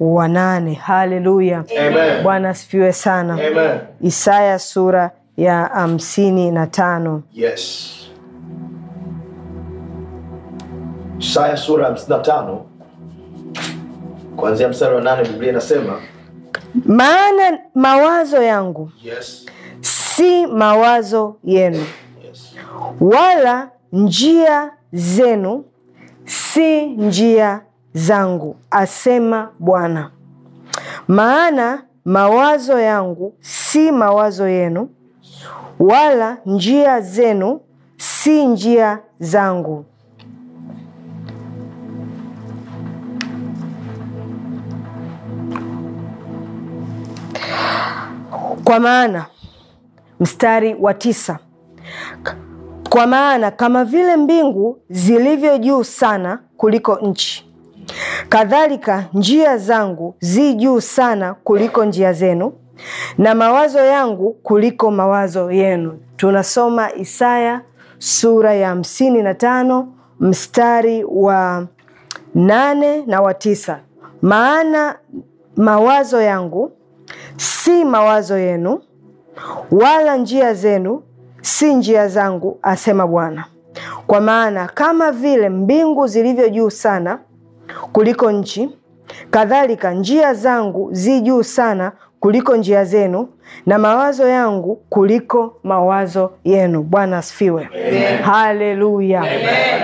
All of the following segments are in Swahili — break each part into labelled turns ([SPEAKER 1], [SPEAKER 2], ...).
[SPEAKER 1] wa nane. Haleluya, Bwana asifiwe sana. Amen. Isaya sura ya hamsini na tano. Yes. Isaya sura ya hamsini na tano kuanzia mstari wa nane Biblia inasema maana mawazo yangu yes, si mawazo yenu yes, wala njia zenu si njia zangu, asema Bwana. Maana mawazo yangu si mawazo yenu, wala njia zenu si njia zangu. Kwa maana mstari wa tisa, kwa maana kama vile mbingu zilivyo juu sana kuliko nchi Kadhalika njia zangu zi juu sana kuliko njia zenu, na mawazo yangu kuliko mawazo yenu. Tunasoma Isaya sura ya hamsini na tano mstari wa nane na wa tisa. Maana mawazo yangu si mawazo yenu, wala njia zenu si njia zangu, asema Bwana. Kwa maana kama vile mbingu zilivyo juu sana kuliko nchi, kadhalika njia zangu zi juu sana kuliko njia zenu, na mawazo yangu kuliko mawazo yenu. Bwana asifiwe, haleluya.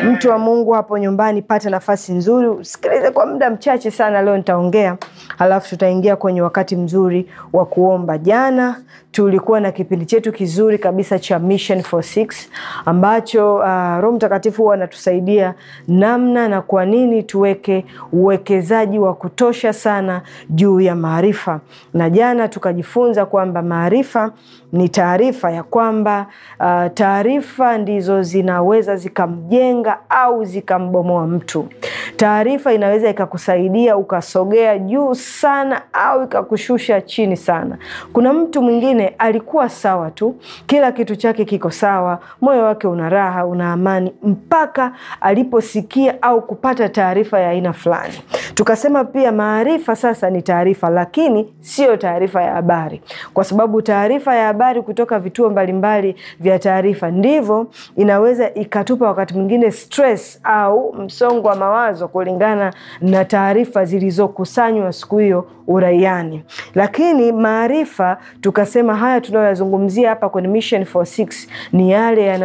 [SPEAKER 1] Mtu wa Mungu hapo nyumbani, pata nafasi nzuri, usikilize kwa muda mchache sana. Leo nitaongea, halafu tutaingia kwenye wakati mzuri wa kuomba. Jana tulikuwa na kipindi chetu kizuri kabisa cha Mission for Six ambacho uh, Roho Mtakatifu huwa anatusaidia namna na kwa nini tuweke uwekezaji wa kutosha sana juu ya maarifa, na jana tukajifunza kwamba maarifa ni taarifa ya kwamba uh, taarifa ndizo zinaweza zikamjenga au zikambomoa mtu. Taarifa inaweza ikakusaidia ukasogea juu sana au ikakushusha chini sana. Kuna mtu mwingine alikuwa sawa tu, kila kitu chake kiko sawa, moyo wake una raha, una amani, mpaka aliposikia au kupata taarifa ya aina fulani. Tukasema pia maarifa sasa ni taarifa, lakini siyo taarifa ya habari, kwa sababu taarifa ya habari habari kutoka vituo mbalimbali vya taarifa, ndivyo inaweza ikatupa wakati mwingine stress au msongo wa mawazo kulingana na taarifa zilizokusanywa siku hiyo uraiani. Lakini maarifa tukasema haya tunayoyazungumzia hapa kwenye Mission 46 ni yale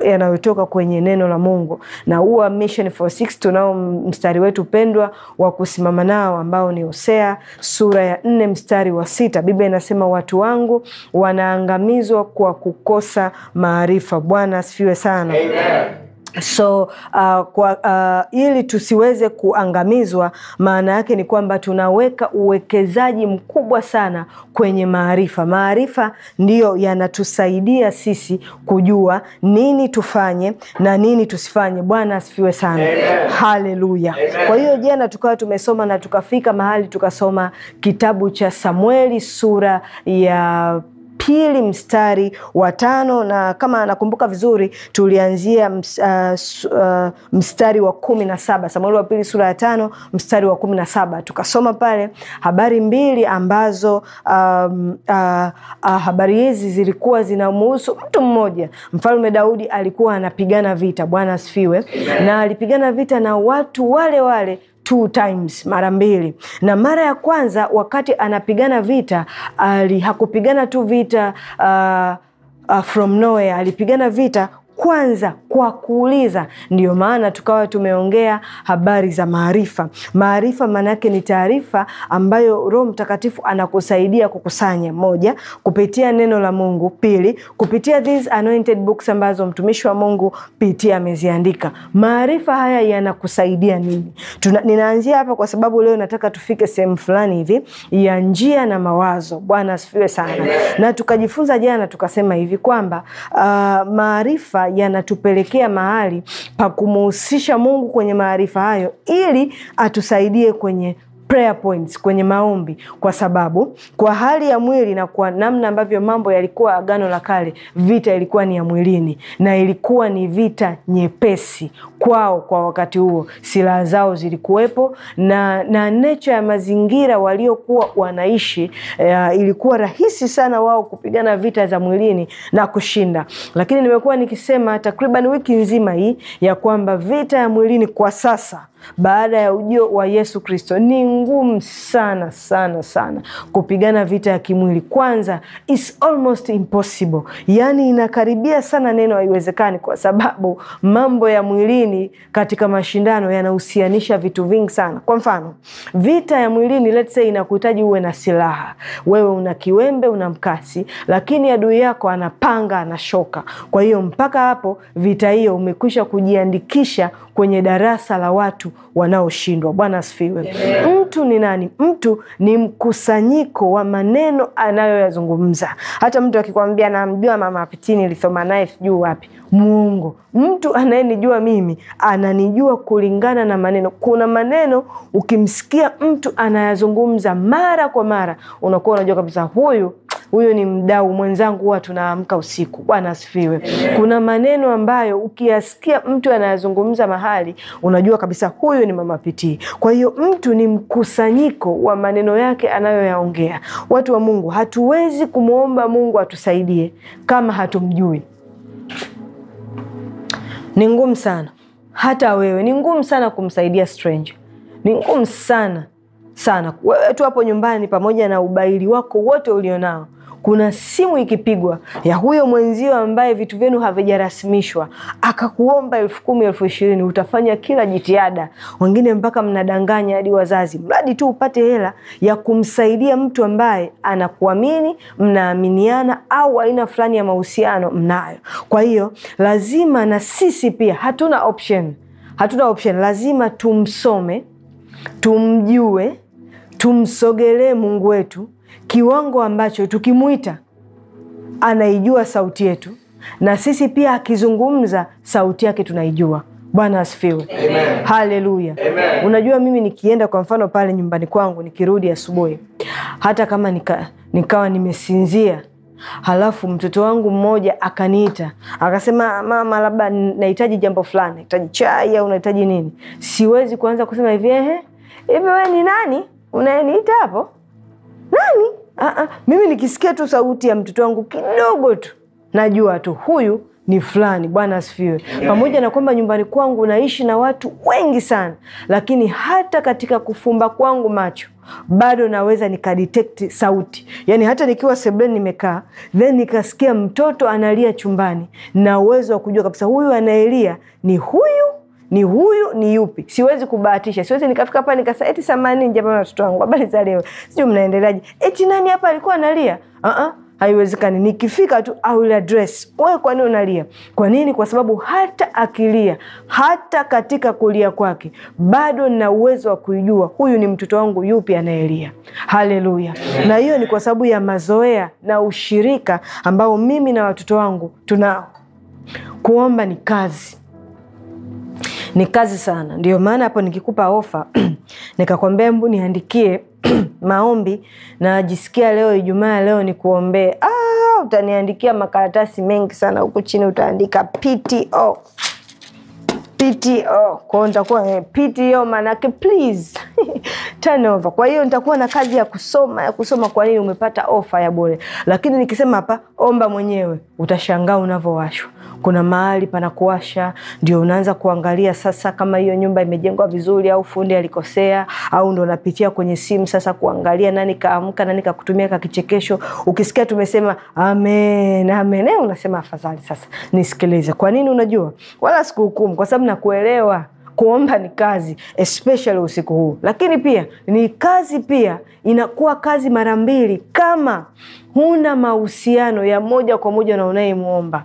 [SPEAKER 1] yanayotoka kwenye neno la Mungu, na huwa Mission 46 tunao mstari wetu pendwa wa kusimama nao ambao ni Hosea sura ya nne mstari wa sita. Biblia inasema watu wangu wanaangamizwa kwa kukosa maarifa. Bwana asifiwe sana. Amen. So uh, kwa, uh, ili tusiweze kuangamizwa, maana yake ni kwamba tunaweka uwekezaji mkubwa sana kwenye maarifa. Maarifa ndiyo yanatusaidia sisi kujua nini tufanye na nini tusifanye. Bwana asifiwe sana, haleluya. Kwa hiyo jana tukawa tumesoma na tukafika mahali tukasoma kitabu cha Samueli sura ya pili mstari wa tano na kama nakumbuka vizuri tulianzia ms, uh, uh, mstari wa kumi na saba Samueli wa pili sura ya tano mstari wa kumi na saba tukasoma pale habari mbili ambazo um, uh, uh, habari hizi zilikuwa zinamuhusu mtu mmoja. Mfalme Daudi alikuwa anapigana vita, Bwana asifiwe, na alipigana vita na watu wale wale two times, mara mbili. Na mara ya kwanza wakati anapigana vita ali hakupigana tu vita uh, uh, from nowhere alipigana vita kwanza kwa kuuliza. ndio maana tukawa tumeongea habari za maarifa. Maarifa maana yake ni taarifa ambayo Roho Mtakatifu anakusaidia kukusanya, moja, kupitia neno la Mungu, pili, kupitia these anointed books ambazo mtumishi wa Mungu Pitia ameziandika. Maarifa haya yanakusaidia nini? Tuna, ninaanzia hapa kwa sababu leo nataka tufike sehemu fulani hivi ya njia na mawazo. Bwana asifiwe sana. Na tukajifunza jana tukasema hivi kwamba uh, maarifa yanatupelekea mahali pa kumuhusisha Mungu kwenye maarifa hayo, ili atusaidie kwenye prayer points, kwenye maombi, kwa sababu kwa hali ya mwili na kwa namna ambavyo mambo yalikuwa Agano la Kale, vita ilikuwa ni ya mwilini na ilikuwa ni vita nyepesi kwao kwa wakati huo, silaha zao zilikuwepo na, na nature ya mazingira waliokuwa wanaishi ya, eh, ilikuwa rahisi sana wao kupigana vita za mwilini na kushinda. Lakini nimekuwa nikisema takriban wiki nzima hii ya kwamba vita ya mwilini kwa sasa baada ya ujio wa Yesu Kristo ni ngumu sana sana sana kupigana vita ya kimwili. Kwanza is almost impossible, yaani inakaribia sana neno haiwezekani, kwa sababu mambo ya mwilini katika mashindano yanahusianisha vitu vingi sana. Kwa mfano, vita ya mwilini let's say inakuhitaji uwe na silaha, wewe una kiwembe, una mkasi, lakini adui yako anapanga, anashoka. Kwa hiyo mpaka hapo vita hiyo umekwisha kujiandikisha kwenye darasa la watu watu wanaoshindwa. Bwana asifiwe. Mtu ni nani? Mtu ni mkusanyiko wa maneno anayoyazungumza. Hata mtu akikwambia namjua mama Pitini, nilithoma naye sijui wapi, mwongo. Mtu anayenijua mimi ananijua kulingana na maneno. Kuna maneno ukimsikia mtu anayazungumza mara kwa mara, unakuwa unajua kabisa huyu huyo ni mdau mwenzangu, huwa tunaamka usiku. Bwana asifiwe. Kuna maneno ambayo ukiyasikia mtu anayazungumza mahali, unajua kabisa huyu ni mama Pitii. Kwa hiyo mtu ni mkusanyiko wa maneno yake anayoyaongea. Watu wa Mungu, hatuwezi kumwomba Mungu atusaidie kama hatumjui. Ni ngumu sana, hata wewe ni ngumu sana kumsaidia stranger, ni ngumu sana sana. Wewe tu hapo nyumbani, pamoja na ubaili wako wote ulionao kuna simu ikipigwa ya huyo mwenzio ambaye vitu vyenu havijarasimishwa, akakuomba elfu kumi elfu ishirini utafanya kila jitihada, wengine mpaka mnadanganya hadi wazazi, mradi tu upate hela ya kumsaidia mtu ambaye anakuamini, mnaaminiana, au aina fulani ya mahusiano mnayo. Kwa hiyo lazima na sisi pia hatuna option, hatuna option, lazima tumsome, tumjue, tumsogelee Mungu wetu kiwango ambacho tukimwita anaijua sauti yetu, na sisi pia akizungumza sauti yake tunaijua. Bwana asifiwe, haleluya. Unajua, mimi nikienda kwa mfano pale nyumbani kwangu nikirudi asubuhi, hata kama nika, nikawa nimesinzia halafu mtoto wangu mmoja akaniita akasema, mama, labda nahitaji jambo fulani, nahitaji chai au nahitaji nini, siwezi kuanza kusema hivi, ehe, hivi wewe ni nani unayeniita hapo? Nani Ah, ah, mimi nikisikia tu sauti ya mtoto wangu kidogo tu najua tu huyu ni fulani. Bwana asifiwe. Pamoja na kwamba nyumbani kwangu naishi na watu wengi sana, lakini hata katika kufumba kwangu macho bado naweza nikadetekti sauti. Yani hata nikiwa sebuleni nimekaa, then nikasikia mtoto analia chumbani, na uwezo wa kujua kabisa huyu anaelia ni huyu ni huyu ni yupi. Siwezi kubahatisha, siwezi nikafika pale nikasa eti samani jamani, watoto wangu habari za leo, sijui mnaendeleaje, eti nani hapa alikuwa analia uh -uh. Haiwezekani. Nikifika tu I will address wewe, kwa nini unalia? Kwa nini? Kwa sababu hata akilia, hata katika kulia kwake, bado nina uwezo wa kuijua huyu ni mtoto wangu yupi anayelia. Haleluya! Na hiyo ni kwa sababu ya mazoea na ushirika ambao mimi na watoto wangu tunao. Kuomba ni kazi ni kazi sana. Ndio maana hapo nikikupa ofa nikakwambia mbu niandikie maombi najisikia leo Ijumaa leo nikuombee. Ah, utaniandikia makaratasi mengi sana huku chini, utaandika PTO. PTO kwao nitakuwa eh, PTO maanake please turnover. Kwa hiyo nitakuwa na kazi ya kusoma ya kusoma kwa nini umepata ofa ya bure, lakini nikisema hapa omba mwenyewe utashangaa unavyowashwa. Kuna mahali pana kuwasha, ndio unaanza kuangalia sasa kama hiyo nyumba imejengwa vizuri au fundi alikosea, au ndo unapitia kwenye simu sasa kuangalia nani kaamka, nani kakutumia kakichekesho. Ukisikia tumesema amen amen, eh, unasema afadhali sasa nisikilize. Kwa nini? Unajua, wala sikuhukumu kwa sababu na kuelewa kuomba ni kazi, especially usiku huu, lakini pia ni kazi, pia inakuwa kazi mara mbili kama huna mahusiano ya moja kwa moja na unayemwomba.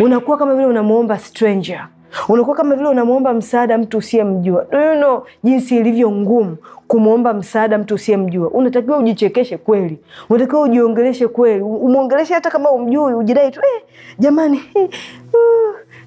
[SPEAKER 1] Unakuwa kama vile unamwomba stranger, unakuwa kama vile unamwomba msaada mtu usiyemjua. Do you know jinsi ilivyo ngumu kumwomba msaada mtu usiyemjua? Unatakiwa ujichekeshe kweli, unatakiwa ujiongeleshe kweli, umwongeleshe hata kama umjui, ujidai tu eh, jamani uh,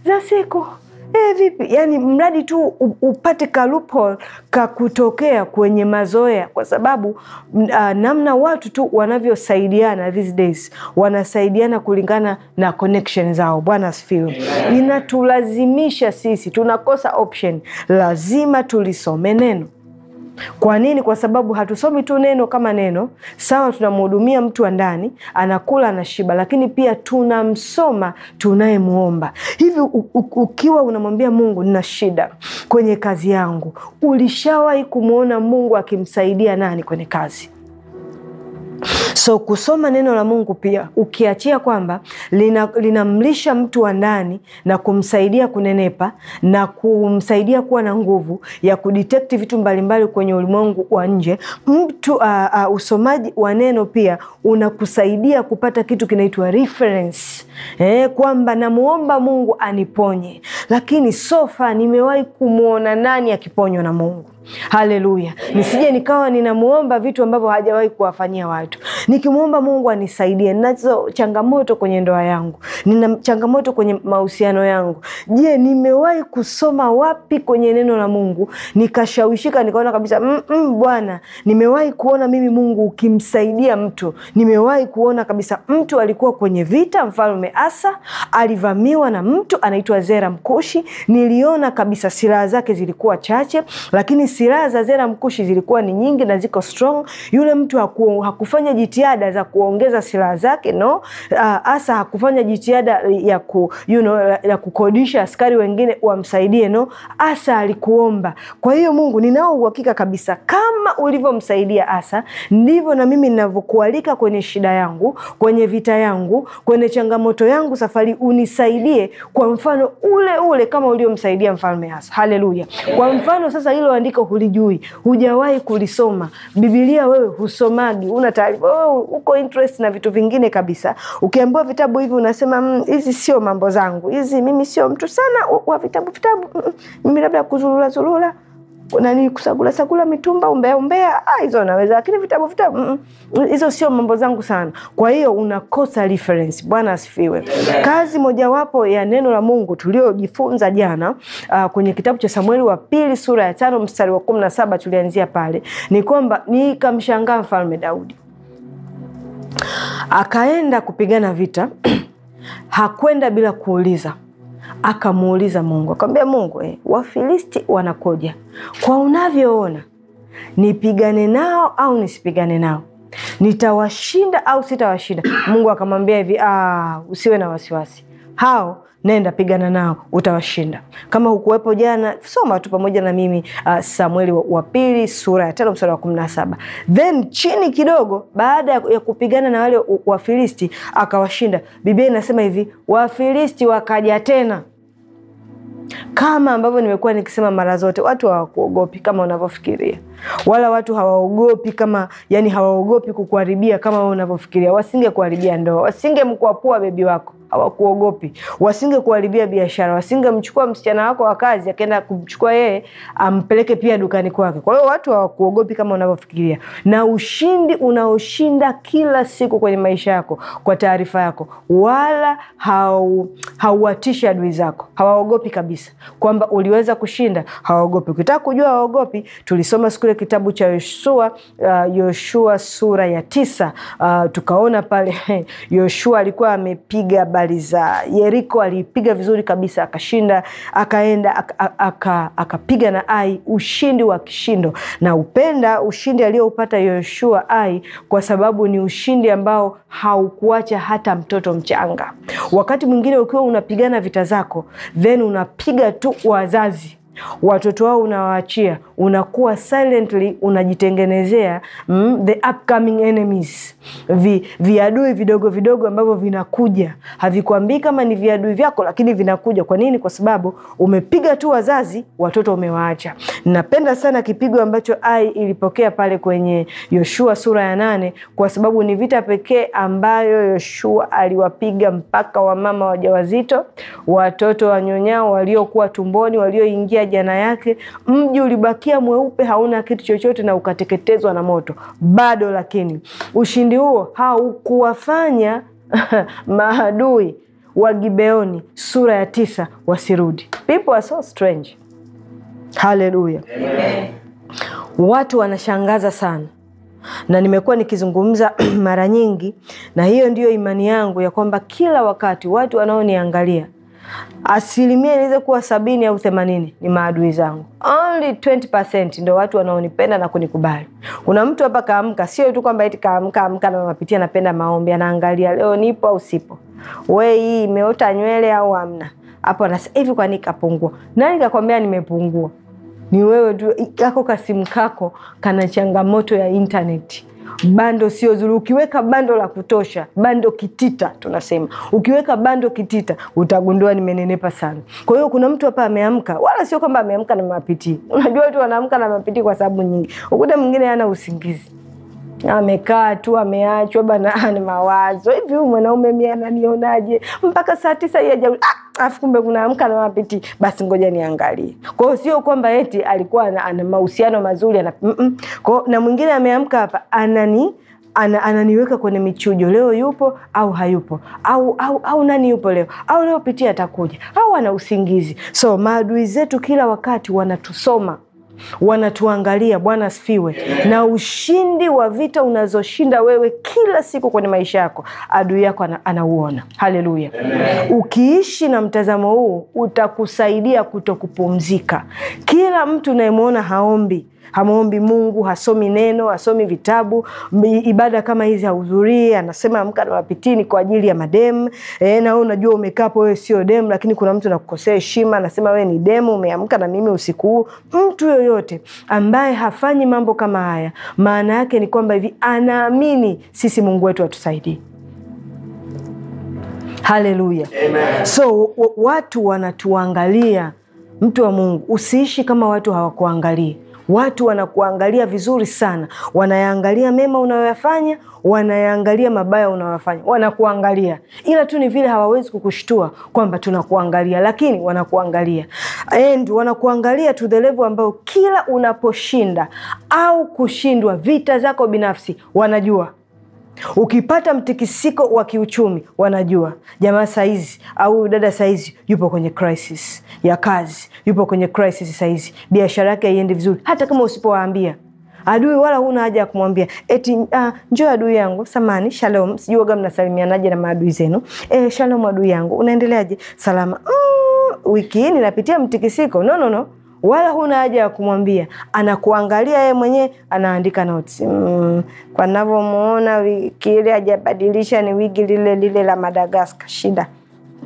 [SPEAKER 1] za siku eh, vipi? Yani mradi tu upate kalupo ka kutokea kwenye mazoea, kwa sababu uh, namna watu tu wanavyosaidiana these days, wanasaidiana kulingana na connection zao. Bwana sfil Inatulazimisha sisi, tunakosa option, lazima tulisome neno. Kwa nini? Kwa sababu hatusomi tu neno kama neno. Sawa, tunamhudumia mtu wa ndani, anakula anashiba, lakini pia tunamsoma tunayemwomba. Hivi ukiwa unamwambia Mungu, nina shida kwenye kazi yangu, ulishawahi kumwona Mungu akimsaidia nani kwenye kazi? So kusoma neno la Mungu pia ukiachia kwamba linamlisha lina mtu wa ndani na kumsaidia kunenepa na kumsaidia kuwa na nguvu ya kudetekti vitu mbalimbali kwenye ulimwengu wa nje mtu. Uh, uh, usomaji wa neno pia unakusaidia kupata kitu kinaitwa reference eh, kwamba namuomba Mungu aniponye, lakini sofa nimewahi kumwona nani akiponywa na Mungu? Haleluya! Nisije nikawa ninamwomba vitu ambavyo hajawahi kuwafanyia watu. Nikimwomba Mungu anisaidie, ninazo changamoto kwenye ndoa yangu, nina changamoto kwenye mahusiano yangu. Je, nimewahi kusoma wapi kwenye neno la Mungu nikashawishika nikaona kabisa mm -mm, Bwana, nimewahi kuona mimi Mungu ukimsaidia mtu. Nimewahi kuona kabisa mtu alikuwa kwenye vita, mfalme Asa alivamiwa na mtu anaitwa Zera Mkushi. Niliona kabisa silaha zake zilikuwa chache, lakini silaha za Zera Mkushi zilikuwa ni nyingi na ziko strong. Yule mtu haku, hakufanya jitihada za kuongeza silaha zake no. Uh, ah, Asa hakufanya jitihada ya ku, you know, ya kukodisha askari wengine wamsaidie no. Asa alikuomba. Kwa hiyo Mungu, ninao uhakika kabisa kama ulivyomsaidia Asa, ndivyo na mimi ninavyokualika kwenye shida yangu, kwenye vita yangu, kwenye changamoto yangu, safari unisaidie kwa mfano ule ule kama uliomsaidia mfalme Asa. Haleluya! Kwa mfano sasa hilo andiko hulijui, hujawahi kulisoma. Bibilia wewe husomagi, una taarifa wewe, oh, uko interest na vitu vingine kabisa. Ukiambiwa vitabu hivi unasema mm, hizi mm, sio mambo zangu hizi, mimi sio mtu sana wa vitabu vitabu, mm, mm, mimi labda kuzurura zurura nani kusagula sagula mitumba umbea umbea ah, hizo naweza, lakini vitabu vitabu mm, mm, hizo sio mambo zangu sana. Kwa hiyo unakosa reference. Bwana asifiwe. Kazi mojawapo ya neno la Mungu tuliojifunza jana uh, kwenye kitabu cha Samueli wa pili sura ya tano mstari wa kumi na saba tulianzia pale, ni kwamba nikamshangaa mfalme Daudi akaenda kupigana vita hakwenda bila kuuliza Akamuuliza Mungu, akamwambia Mungu, eh, Wafilisti wanakuja kwa unavyoona, nipigane nao au nisipigane nao? Nitawashinda au sitawashinda? Mungu akamwambia hivi, ah, usiwe na wasiwasi hao nenda pigana nao utawashinda. Kama hukuwepo jana, soma tu pamoja na mimi uh, Samueli wa pili sura ya tano mstari wa kumi na saba. Then chini kidogo, baada ya kupigana na wale Wafilisti akawashinda, Biblia inasema hivi, Wafilisti wakaja tena kama ambavyo nimekuwa nikisema mara zote, watu hawakuogopi kama unavyofikiria, wala watu hawaogopi kama, yani hawaogopi kukuharibia kama wewe unavyofikiria. Wasingekuharibia ndoa, wasingemkwapua bebi wako, hawakuogopi. Wasingekuharibia biashara, wasingemchukua msichana wako wa kazi akaenda kumchukua yeye ampeleke pia dukani kwake. Kwa hiyo watu hawakuogopi kama unavyofikiria, na ushindi unaoshinda kila siku kwenye maisha yako, kwa taarifa yako, wala hauwatishi adui zako, hawaogopi kabisa kwamba uliweza kushinda, hawaogopi. Ukitaka kujua hawaogopi, tulisoma siku ile kitabu cha Yoshua, uh, Yoshua sura ya tisa, uh, tukaona pale Yoshua alikuwa amepiga alimaliza Yeriko, alipiga vizuri kabisa, akashinda, akaenda akapiga aka, aka, aka na Ai ushindi wa kishindo, na upenda ushindi aliyoupata Yoshua Ai kwa sababu ni ushindi ambao haukuacha hata mtoto mchanga. Wakati mwingine ukiwa unapigana vita zako, then unapiga tu wazazi, watoto wao unawaachia unakuwa silently unajitengenezea mm, the upcoming enemies vi, viadui vidogo vidogo ambavyo vinakuja. Havikuambii kama ni viadui vyako, lakini vinakuja. Kwa nini? Kwa sababu umepiga tu wazazi, watoto umewaacha. Napenda sana kipigo ambacho Ai ilipokea pale kwenye Yoshua sura ya nane, kwa sababu ni vita pekee ambayo Yoshua aliwapiga mpaka wamama wajawazito, watoto wanyonyao, waliokuwa tumboni, walioingia jana yake, mji ulibakia ukibakia mweupe hauna kitu chochote na ukateketezwa na moto bado, lakini ushindi huo haukuwafanya maadui wa Gibeoni sura ya tisa wasirudi. People are so strange. Haleluya, amen. Watu wanashangaza sana na nimekuwa nikizungumza mara nyingi, na hiyo ndiyo imani yangu ya kwamba kila wakati watu wanaoniangalia asilimia inaweza kuwa sabini au themanini ni maadui zangu. Only 20% ndo watu wanaonipenda na kunikubali. Kuna mtu hapa kaamka, sio tu kwamba eti kaamka amka na mapitia, napenda maombi, anaangalia leo nipo au sipo, we hii imeota nywele au amna hapo anasa hivi, kwani kapungua? Nani kakwambia nimepungua? Ni wewe tu, kako kasimu kako kana changamoto ya intaneti Bando sio zuri. Ukiweka bando la kutosha, bando kitita tunasema, ukiweka bando kitita utagundua nimenenepa sana. Kwa hiyo kuna mtu hapa ameamka, wala sio kwamba ameamka na mapitii. Unajua watu wanaamka na mapitii kwa sababu nyingi, ukuta mwingine hana usingizi amekaa tu ameachwa bana, ni mawazo hivi, huyu mwanaume mi ananionaje mpaka saa tisa hii ajau ah! afu kumbe kunaamka na mapiti, basi ngoja niangalie. Kwa hiyo sio kwamba eti alikuwa ana, ana mahusiano mazuri ana, mm -mm. Kwa, na mwingine ameamka hapa anani ana, ananiweka kwenye michujo, leo yupo au hayupo, au au au nani yupo leo, au leo pitia atakuja, au ana usingizi. So maadui zetu kila wakati wanatusoma wanatuangalia. Bwana asifiwe. Na ushindi wa vita unazoshinda wewe kila siku kwenye maisha yako, adui yako anauona. Haleluya! Ukiishi na mtazamo huu utakusaidia kutokupumzika Kila mtu unayemwona haombi hamwombi Mungu, hasomi neno, hasomi vitabu, ibada kama hizi hahudhurii. Anasema amka na mapitini kwa ajili ya mademu e, na wewe unajua umekaa hapo, wewe sio demu, lakini kuna mtu anakukosea heshima, anasema wewe ni demu, umeamka na mimi usiku huu. Mtu yoyote ambaye hafanyi mambo kama haya, maana yake ni kwamba hivi anaamini sisi Mungu wetu atusaidie. Haleluya! So watu wanatuangalia, mtu wa Mungu, usiishi kama watu hawakuangalia watu wanakuangalia vizuri sana, wanayaangalia mema unayoyafanya, wanayaangalia mabaya unayoyafanya, wanakuangalia, ila tu ni vile hawawezi kukushtua kwamba tunakuangalia, lakini wanakuangalia and wanakuangalia to the level ambayo kila unaposhinda au kushindwa vita zako binafsi wanajua Ukipata mtikisiko wa kiuchumi, wanajua jamaa saizi au huyu dada saizi yupo kwenye crisis ya kazi, yupo kwenye crisis saizi, biashara yake haiendi vizuri. Hata kama usipowaambia adui, wala huna haja ya kumwambia eti uh, njoo adui yangu, samani shalom, sijuaga mnasalimianaje na maadui zenu? E, shalom adui yangu, unaendeleaje? Salama. Mm, wiki hii ninapitia mtikisiko. nonono no, no wala huna haja ya kumwambia, anakuangalia yeye mwenyewe, anaandika notes. Mm, kwa navyomuona wiki ile hajabadilisha, ni wigi lile lile la Madagaskar. Shida,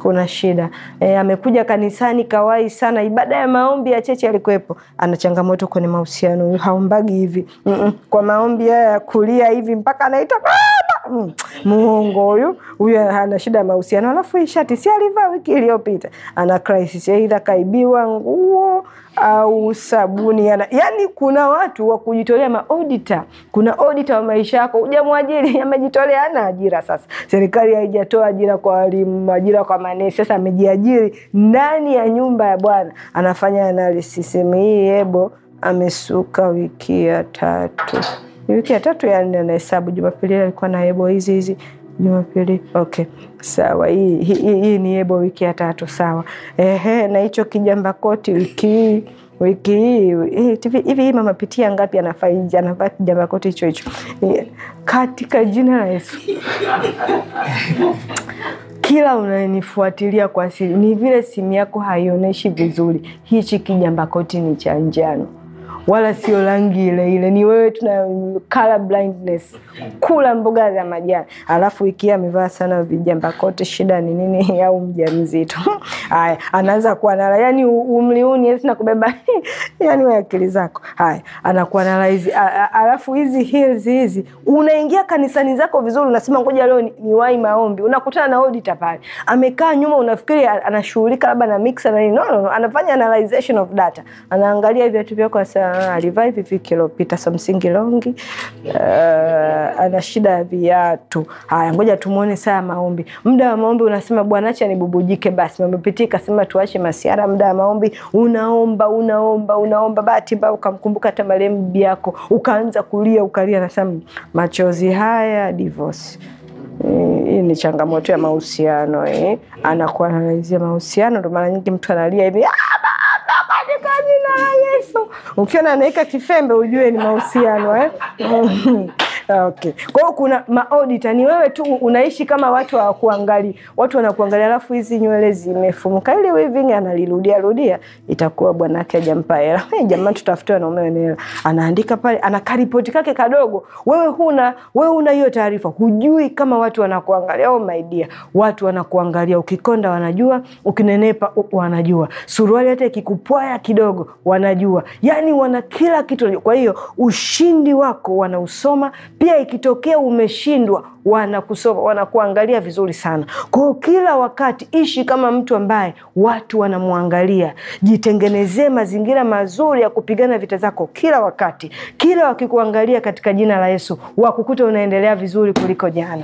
[SPEAKER 1] kuna shida e, amekuja kanisani kawahi sana, ibada ya maombi ya cheche alikuwepo. Ana changamoto kwenye mahusiano, haumbagi hivi mm -mm. Kwa maombi haya ya kulia hivi mpaka anaita ah, Mm. muongo huyu huyu ana shida ya mahusiano, alafu hii shati si alivaa wiki iliyopita, ana crisis aidha kaibiwa nguo au sabuni yana. Yani kuna watu wa kujitolea maodita, kuna odita wa maisha yako, hujamwajiri amejitolea, ana ajira. Sasa serikali haijatoa ajira kwa walimu, ajira kwa manesi, sasa amejiajiri ndani ya nyumba ya Bwana, anafanya analysis. Sehemu hii Yebo amesuka wiki ya tatu wiki ya tatu ya nne anahesabu. Jumapili alikuwa na hebo hizi hizi Jumapili. Okay, sawa. Hii, ni hebo wiki ya tatu, sawa. Ehe, na hicho kijamba koti wiki hii wiki hii hivi hii mama pitia ngapi? Anafaa anavaa kijamba koti hicho hicho, katika jina la Yesu. Kila unanifuatilia kwa siri, ni vile simu yako haionyeshi vizuri, hichi kijamba koti ni cha njano wala sio rangi ile ile, ni wewe tuna color blindness. Kula mboga za majani. Alafu ikia amevaa sana vijamba kote, shida ni nini? au mjamzito haya, anaanza kuwa nala, yani umri huu ni na kubeba yani wewe akili zako haya, anakuwa nala hizi. Alafu hizi heels hizi, unaingia kanisani zako vizuri, unasema ngoja leo ni, ni wai maombi, unakutana na auditor pale, amekaa nyuma, unafikiri anashughulika labda na mixer na nini. No, no, no, anafanya analyzation of data, anaangalia viatu vyako hasa uh, ah, alivaa hivi wiki iliyopita something longi uh, ana shida ya viatu. Haya, ngoja tumuone saa maombi. Muda wa maombi unasema bwana, acha nibubujike basi. mamepitia kasema tuache masiara. Muda wa maombi unaomba unaomba unaomba, bahati mbaya ukamkumbuka hata marehemu bibi yako, ukaanza kulia ukalia, nasema machozi haya divosi eh, hii ni changamoto ya mahusiano eh. Anakuwa analizia mahusiano, ndo mara nyingi mtu analia hivi ah! katika jina la Yesu. Ukiona anaweka kifembe ujue ni mahusiano eh? Okay. Kwa hiyo kuna maodita, ni wewe tu unaishi kama watu hawakuangalia, watu wanakuangalia, alafu hizi nywele zimefumuka, ile weaving analirudia rudia, itakuwa bwanake ajampa hela. Hey, jamani, tutafute wanaume wenye hela. Anaandika pale, ana karipoti kake kadogo. Wewe huna wewe una hiyo taarifa, hujui kama watu wanakuangalia. Oh my dear, watu wanakuangalia, ukikonda wanajua, ukinenepa wanajua, suruali hata ikikupwaya kidogo wanajua, yani wana kila kitu. Kwa hiyo ushindi wako wanausoma pia ikitokea umeshindwa, wanakusoma, wanakuangalia vizuri sana. Kwa hiyo kila wakati ishi kama mtu ambaye watu wanamwangalia, jitengenezee mazingira mazuri ya kupigana vita zako kila wakati, kila wakikuangalia katika jina la Yesu wakukuta unaendelea vizuri kuliko jana.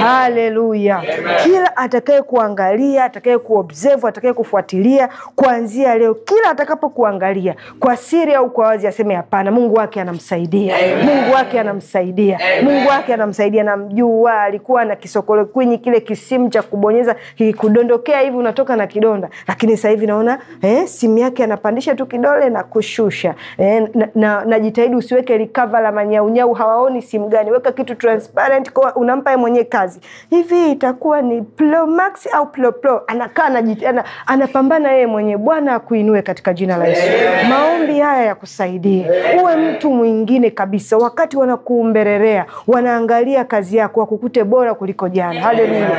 [SPEAKER 1] Haleluya! Kila atakaye kuangalia, atakaye kuobserve, atakaye kufuatilia kuanzia leo, kila atakapokuangalia kwa siri au kwa wazi, aseme hapana, Mungu wake anamsaidia, Mungu wake anamsaidia, Mungu wake anamsaidia, namjua alikuwa alikuwa na kisokole kwinyi, kile kisimu cha kubonyeza kikudondokea hivi unatoka na kidonda, lakini sasa hivi naona eh, simu yake anapandisha tu kidole na kushusha eh, na, na, na usiweke likava la manyaunyau, hawaoni simu gani, weka kitu transparent, kwa unampa yeye mwenyewe kazi. Hivi itakuwa ni Pro Max au Pro Pro? Anakaa ana, anapambana yeye mwenyewe. Bwana akuinue katika jina la Yesu. Maombi haya ya kusaidia uwe mtu mwingine kabisa, wakati wanakuumbererea wanaangalia kazi yako kuwa kukute bora kuliko jana. Haleluya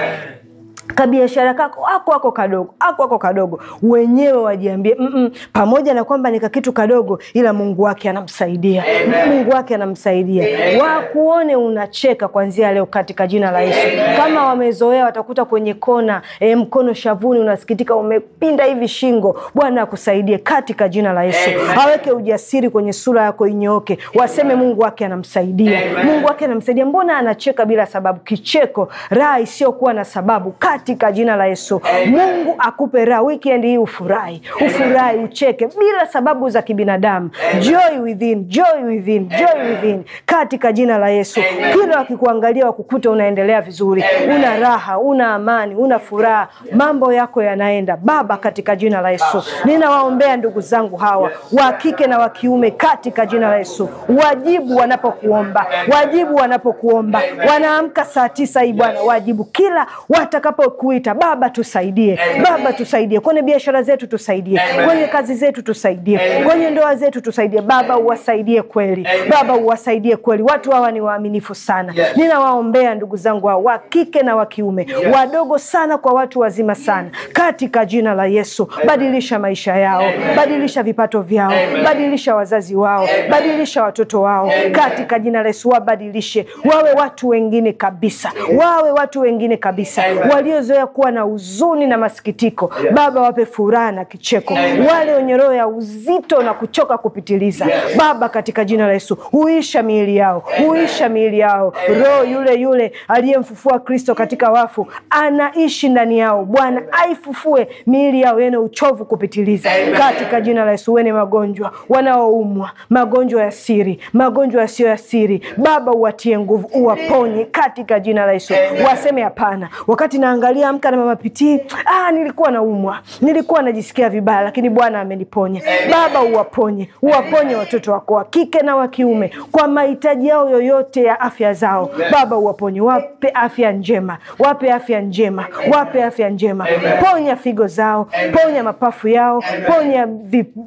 [SPEAKER 1] kabiashara kako ako ako kadogo ako ako kadogo, wenyewe wajiambie mm -mm, pamoja na kwamba ni kitu kadogo, ila Mungu wake anamsaidia Mungu wake anamsaidia. Wakuone unacheka kuanzia leo katika jina la Yesu. Kama wamezoea watakuta kwenye kona e, mkono shavuni unasikitika, umepinda hivi shingo. Bwana akusaidie katika jina la Yesu. Aweke ujasiri kwenye sura yako inyoke, waseme Mungu wake anamsaidia Mungu wake anamsaidia. Mbona anacheka bila sababu? Kicheko raha isiyokuwa na sababu Kati katika jina la Yesu. Mungu akupe raha weekend hii, ufurahi, ufurahi, ucheke bila sababu za kibinadamu. Joy within, joy within, joy within, katika jina la Yesu. Kila wakikuangalia wakukuta unaendelea vizuri, una raha, una amani, una furaha, mambo yako yanaenda. Baba, katika jina la Yesu ninawaombea ndugu zangu hawa wa kike na wa kiume, katika jina la Yesu. Wajibu wanapokuomba, wajibu wanapokuomba, wanaamka saa tisa hii Bwana, wajibu kila watakapo kuita Baba tusaidie, Baba tusaidie kwenye biashara zetu, tusaidie kwenye kazi zetu, tusaidie kwenye ndoa zetu, tusaidie Baba, uwasaidie kweli Baba, uwasaidie kweli. Watu hawa ni waaminifu sana, ninawaombea ndugu zangu hawa wa kike na wa kiume, wadogo sana kwa watu wazima sana, katika jina la Yesu. Badilisha maisha yao, badilisha vipato vyao, badilisha wazazi wao, badilisha watoto wao, katika jina la Yesu wabadilishe, wawe watu wengine kabisa, wawe watu wengine kabisa walio waliozoea kuwa na huzuni na masikitiko yes. Baba wape furaha na kicheko Amen. Wale wenye roho ya uzito na kuchoka kupitiliza yes. Baba katika jina la Yesu huisha miili yao Amen. Huisha miili yao Amen. Roho yule yule aliyemfufua Kristo katika wafu anaishi ndani yao Bwana, aifufue miili yao yenye uchovu kupitiliza Amen. Katika jina la Yesu wene magonjwa wanaoumwa magonjwa ya siri magonjwa yasiyo ya siri Baba uwatie nguvu uwaponye katika jina la Yesu waseme hapana wakati na kumwangalia amka na mama piti. ah, nilikuwa naumwa, nilikuwa najisikia vibaya, lakini Bwana ameniponya. Baba, uwaponye, uwaponye watoto wako wa kike na wa kiume kwa mahitaji yao yoyote ya afya zao. Baba, uwaponye, wape afya njema, wape afya njema, wape afya njema. Ponya figo zao, ponya mapafu yao, ponya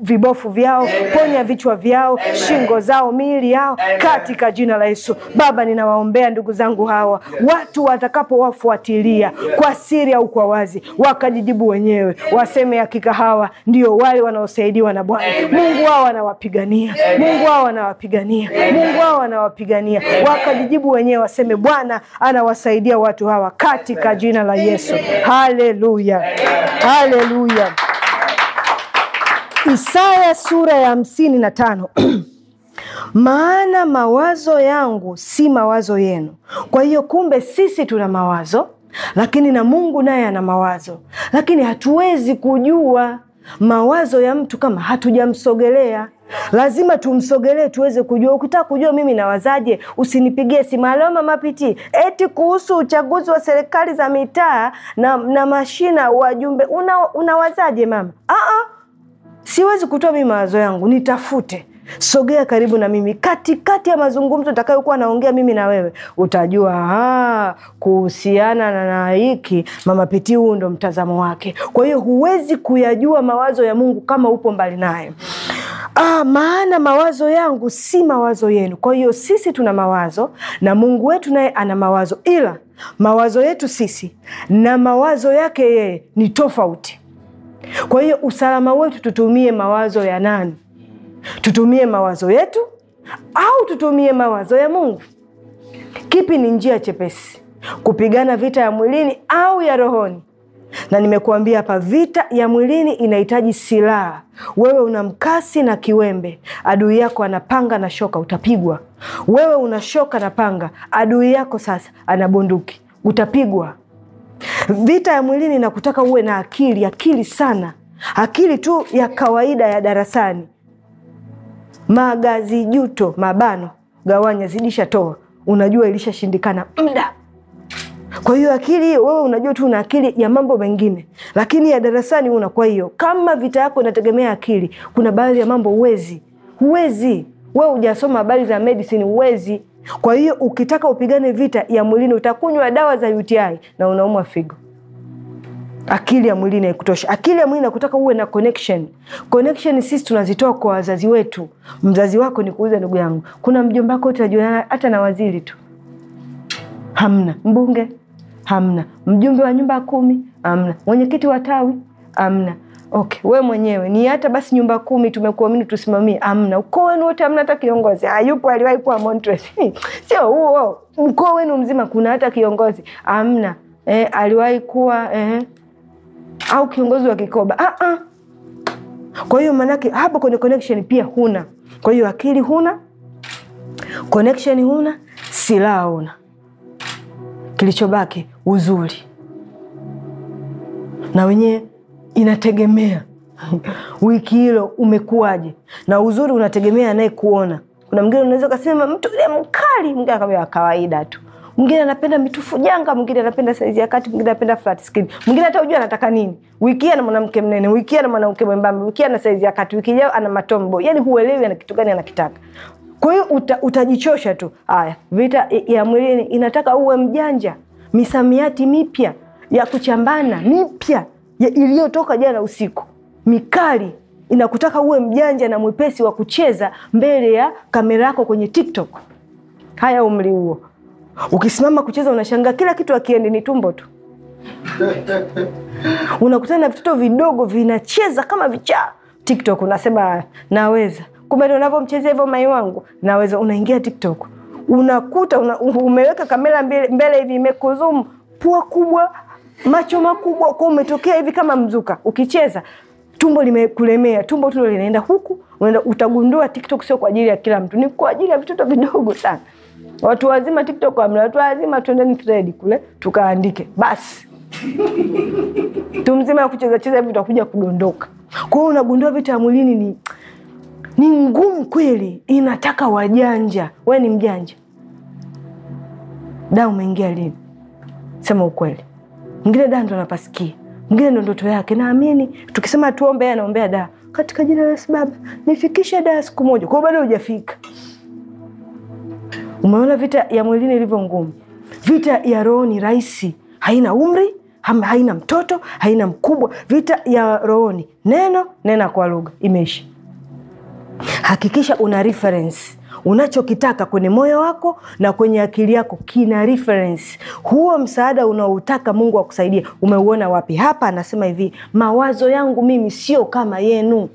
[SPEAKER 1] vibofu vyao, ponya vichwa vyao, shingo zao, miili yao, katika jina la Yesu. Baba, ninawaombea ndugu zangu hawa, watu watakapowafuatilia kwa kwa siri au kwa wazi, wakajijibu wenyewe, waseme hakika hawa ndio wale wanaosaidiwa na Bwana Mungu wao anawapigania, Mungu wao anawapigania, Mungu wao anawapigania. Wakajijibu wenyewe, waseme Bwana anawasaidia watu hawa katika jina la Yesu. Haleluya, haleluya. Isaya sura ya hamsini na tano maana mawazo yangu si mawazo yenu. Kwa hiyo kumbe sisi tuna mawazo lakini na Mungu naye ana mawazo, lakini hatuwezi kujua mawazo ya mtu kama hatujamsogelea. Lazima tumsogelee tuweze kujua. Ukitaka kujua mimi nawazaje, usinipigie simu. mama Piti, eti kuhusu uchaguzi wa serikali za mitaa na, na mashina wajumbe, unawazaje una mama? Aa, ah, ah. siwezi kutoa mimi mawazo yangu, nitafute sogea karibu na mimi. Katikati kati ya mazungumzo takayokuwa naongea mimi na wewe, utajua aa, kuhusiana na hiki Mama Piti, huu ndo mtazamo wake. Kwa hiyo huwezi kuyajua mawazo ya Mungu kama upo mbali naye. Ah, maana mawazo yangu si mawazo yenu. Kwa hiyo sisi tuna mawazo na Mungu wetu naye ana mawazo, ila mawazo yetu sisi na mawazo yake yeye ni tofauti. Kwa hiyo usalama wetu tutumie mawazo ya nani? tutumie mawazo yetu au tutumie mawazo ya Mungu? Kipi ni njia chepesi kupigana vita ya mwilini au ya rohoni? Na nimekuambia hapa, vita ya mwilini inahitaji silaha. Wewe una mkasi na kiwembe, adui yako ana panga na shoka, utapigwa. Wewe una shoka na panga, adui yako sasa ana bunduki, utapigwa. Vita ya mwilini inakutaka uwe na akili, akili sana, akili tu ya kawaida ya darasani magazi juto mabano gawanya zidisha toa, unajua ilishashindikana mda. Kwa hiyo akili wewe unajua tu una akili ya mambo mengine, lakini ya darasani una. Kwa hiyo kama vita yako inategemea akili, kuna baadhi ya mambo huwezi huwezi, wewe hujasoma habari za medicine, huwezi. Kwa hiyo ukitaka upigane vita ya mwilini, utakunywa dawa za UTI na unaumwa figo akili ya mwili haikutosha. Akili ya mwili nakutaka uwe na connection. Connection sisi tunazitoa kwa wazazi wetu. Mzazi wako ni kuuza, ndugu yangu, kuna mjomba wako utajuana hata na waziri tu, hamna mbunge, hamna mjumbe wa nyumba kumi, hamna mwenyekiti wa tawi, hamna Okay, we mwenyewe ni hata basi nyumba kumi tumekuamini tusimamie, amna ukoo wenu wote, amna hata kiongozi hayupo. Aliwahi kuwa Montres sio huo ukoo wenu mzima, kuna hata kiongozi amna. Eh, aliwahi kuwa eh au kiongozi wa kikoba ah -ah. Kwa hiyo maanake hapo kwenye connection pia huna. Kwa hiyo akili huna, connection huna, silaha huna, kilichobaki uzuri. Na wenyewe inategemea wiki hilo umekuwaje, na uzuri unategemea anayekuona. Kuna mwingine unaweza ukasema mtu ule mkali, mwingine akamwambia kawaida tu mwingine anapenda mitufu janga, mwingine anapenda saizi ya kati, mwingine anapenda flat skin, mwingine hata hujua anataka nini. Wiki ana mwanamke mnene, wiki ana mwanamke mwembamba, wiki ana saizi ya kati, wiki ijayo ana matombo. Yani huelewi ana kitu gani anakitaka. Kwa hiyo uta, utajichosha tu. Haya, vita ya mwilini inataka uwe mjanja, misamiati mipya ya kuchambana mipya iliyotoka jana usiku mikali inakutaka uwe mjanja na mwepesi wa kucheza mbele ya kamera yako kwenye TikTok. Haya, umri huo. Ukisimama kucheza unashangaa kila kitu akiendi ni tumbo tu. Unakutana na vitoto vidogo vinacheza kama vichaa. TikTok unasema naweza, kumbe unavyomchezea hivyo mai wangu, naweza. Unaingia TikTok unakuta una, umeweka kamera mbele mbele hivi imekuzoom, pua kubwa, macho makubwa, kwa umetokea hivi kama mzuka, ukicheza tumbo limekulemea, tumbo tulo linaenda huku, unaenda utagundua TikTok sio kwa ajili ya kila mtu, ni kwa ajili ya vitoto vidogo sana watu wazima TikTok amla watu wazima, twendeni thread kule tukaandike basi tu mzima ya kucheza cheza hivi utakuja kudondoka. Kwa hiyo unagundua vita ya mwilini ni ni ngumu kweli, inataka wajanja. We ni mjanja da, umeingia lini? Sema ukweli. Mwingine da ndo anapasikia, mwingine ndo ndoto yake. Naamini tukisema tuombe, anaombea da, katika jina la Baba nifikishe da siku moja, kwa hiyo bado hujafika. Umeona vita ya mwilini ilivyo ngumu. Vita ya roho ni rahisi, haina umri haina mtoto haina mkubwa. Vita ya rohoni, neno nena kwa lugha, imeisha. Hakikisha una reference unachokitaka kwenye moyo wako na kwenye akili yako kina reference. Huo msaada unaoutaka Mungu akusaidie umeuona wapi? Hapa anasema hivi, mawazo yangu mimi sio kama yenu.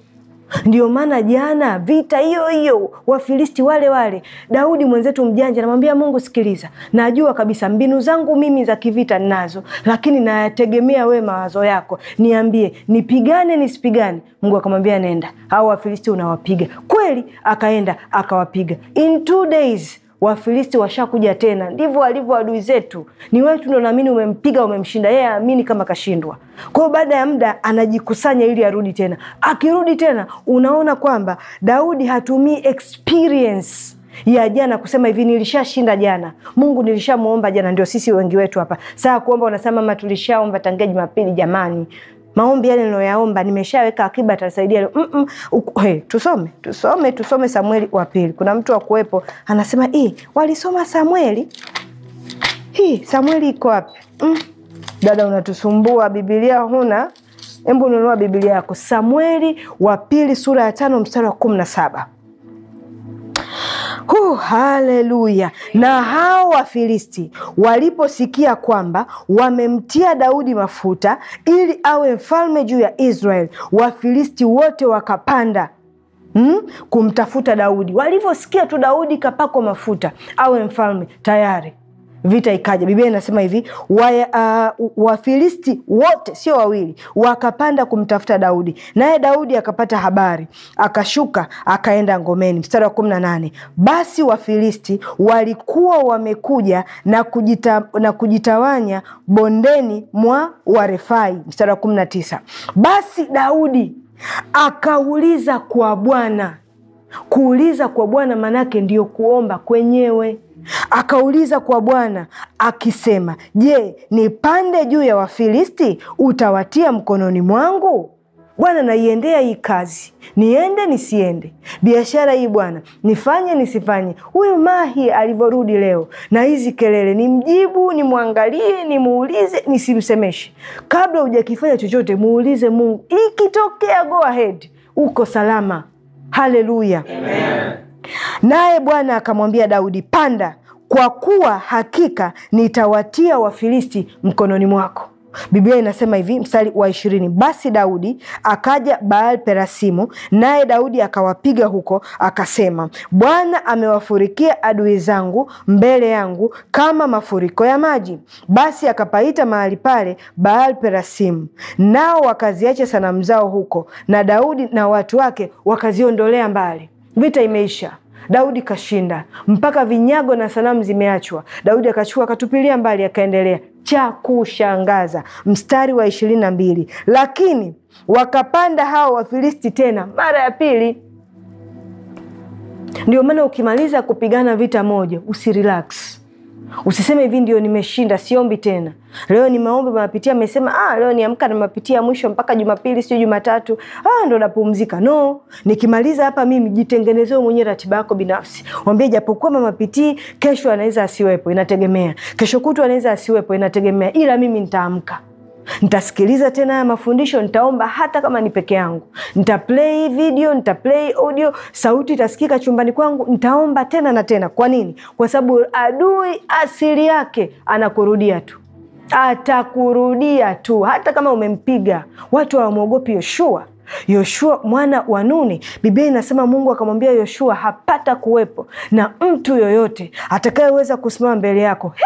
[SPEAKER 1] Ndio maana jana vita hiyo hiyo Wafilisti wale wale, Daudi mwenzetu mjanja namwambia Mungu, sikiliza, najua kabisa mbinu zangu mimi za kivita ninazo, lakini nayategemea we mawazo yako, niambie nipigane nisipigane? Mungu akamwambia nenda, hao Wafilisti unawapiga kweli. Akaenda akawapiga in two days Wafilisti washakuja tena. Ndivyo alivyo adui zetu, ni wewe tu naamini umempiga, umemshinda yeye, aamini kama kashindwa. Kwa hiyo baada ya muda anajikusanya ili arudi tena. Akirudi tena, unaona kwamba Daudi hatumii experience ya jana kusema hivi, nilishashinda jana, Mungu nilishamwomba jana. Ndio sisi wengi wetu hapa saa kuomba, unasema mama, tulishaomba tangia Jumapili, jamani maombi yale niloyaomba nimeshaweka akiba atasaidia mm -mm. Hey, tusome tusome tusome Samueli wa pili. Kuna mtu akuwepo anasema e, walisoma Samueli hii Samueli iko wapi? mm. Dada unatusumbua, bibilia huna, hebu nunua bibilia yako. Samueli wa pili sura ya tano mstari wa kumi na saba. Huh, haleluya! Na hao Wafilisti waliposikia kwamba wamemtia Daudi mafuta ili awe mfalme juu ya Israeli, Wafilisti wote wakapanda Hmm, kumtafuta Daudi. Walivyosikia tu Daudi kapakwa mafuta awe mfalme tayari, vita ikaja. Biblia inasema hivi Wafilisti uh, Wafilisti wote sio wawili wakapanda kumtafuta Daudi, naye Daudi akapata habari, akashuka akaenda ngomeni. Mstari wa kumi na nane basi Wafilisti walikuwa wamekuja na, kujita, na kujitawanya bondeni mwa Warefai. Mstari wa kumi na tisa basi Daudi akauliza kwa Bwana. Kuuliza kwa Bwana manake ndiyo kuomba kwenyewe. Akauliza kwa Bwana akisema, Je, nipande juu ya Wafilisti? Utawatia mkononi mwangu? Bwana, naiendea hii kazi, niende nisiende, biashara hii Bwana, nifanye nisifanye. Huyu Mahi alivyorudi leo na hizi kelele, nimjibu, nimwangalie, nimuulize, nisimsemeshe. Kabla hujakifanya chochote, muulize Mungu. Ikitokea go ahead, uko salama. Haleluya, amen. Naye Bwana akamwambia Daudi, panda, kwa kuwa hakika nitawatia Wafilisti mkononi mwako. Biblia inasema hivi, mstari wa ishirini: basi Daudi akaja Baal Perasimu, naye Daudi akawapiga huko, akasema, Bwana amewafurikia adui zangu mbele yangu kama mafuriko ya maji. Basi akapaita mahali pale Baal Perasimu, nao wakaziacha sanamu zao huko, na Daudi na watu wake wakaziondolea mbali. Vita imeisha, Daudi kashinda, mpaka vinyago na sanamu zimeachwa. Daudi akachukua akatupilia mbali, akaendelea. Cha kushangaza, mstari wa ishirini na mbili, lakini wakapanda hao Wafilisti tena mara ya pili. Ndio maana ukimaliza kupigana vita moja usirelax Usiseme hivi ndio nimeshinda, siombi tena. Leo nimeomba mapitia, amesema ah, leo niamka na mapitia mwisho mpaka Jumapili, sio Jumatatu, ah, ndo napumzika. No, nikimaliza hapa mimi jitengenezee mwenyewe ratiba yako binafsi. Mwambie japokuwa mama pitii kesho anaweza asiwepo, inategemea. Kesho kutu anaweza asiwepo, inategemea. Ila mimi nitaamka ntasikiliza tena haya mafundisho, nitaomba hata kama ni peke yangu, nitaplay video, nitaplay audio, sauti itasikika chumbani kwangu, nitaomba tena na tena. Kwa nini? Kwa sababu adui asili yake anakurudia tu, atakurudia tu, hata kama umempiga. Watu hawamwogopi Yoshua. Yoshua mwana wa Nuni, Biblia inasema Mungu akamwambia Yoshua, hapata kuwepo na mtu yoyote atakayeweza kusimama mbele yako. Hey!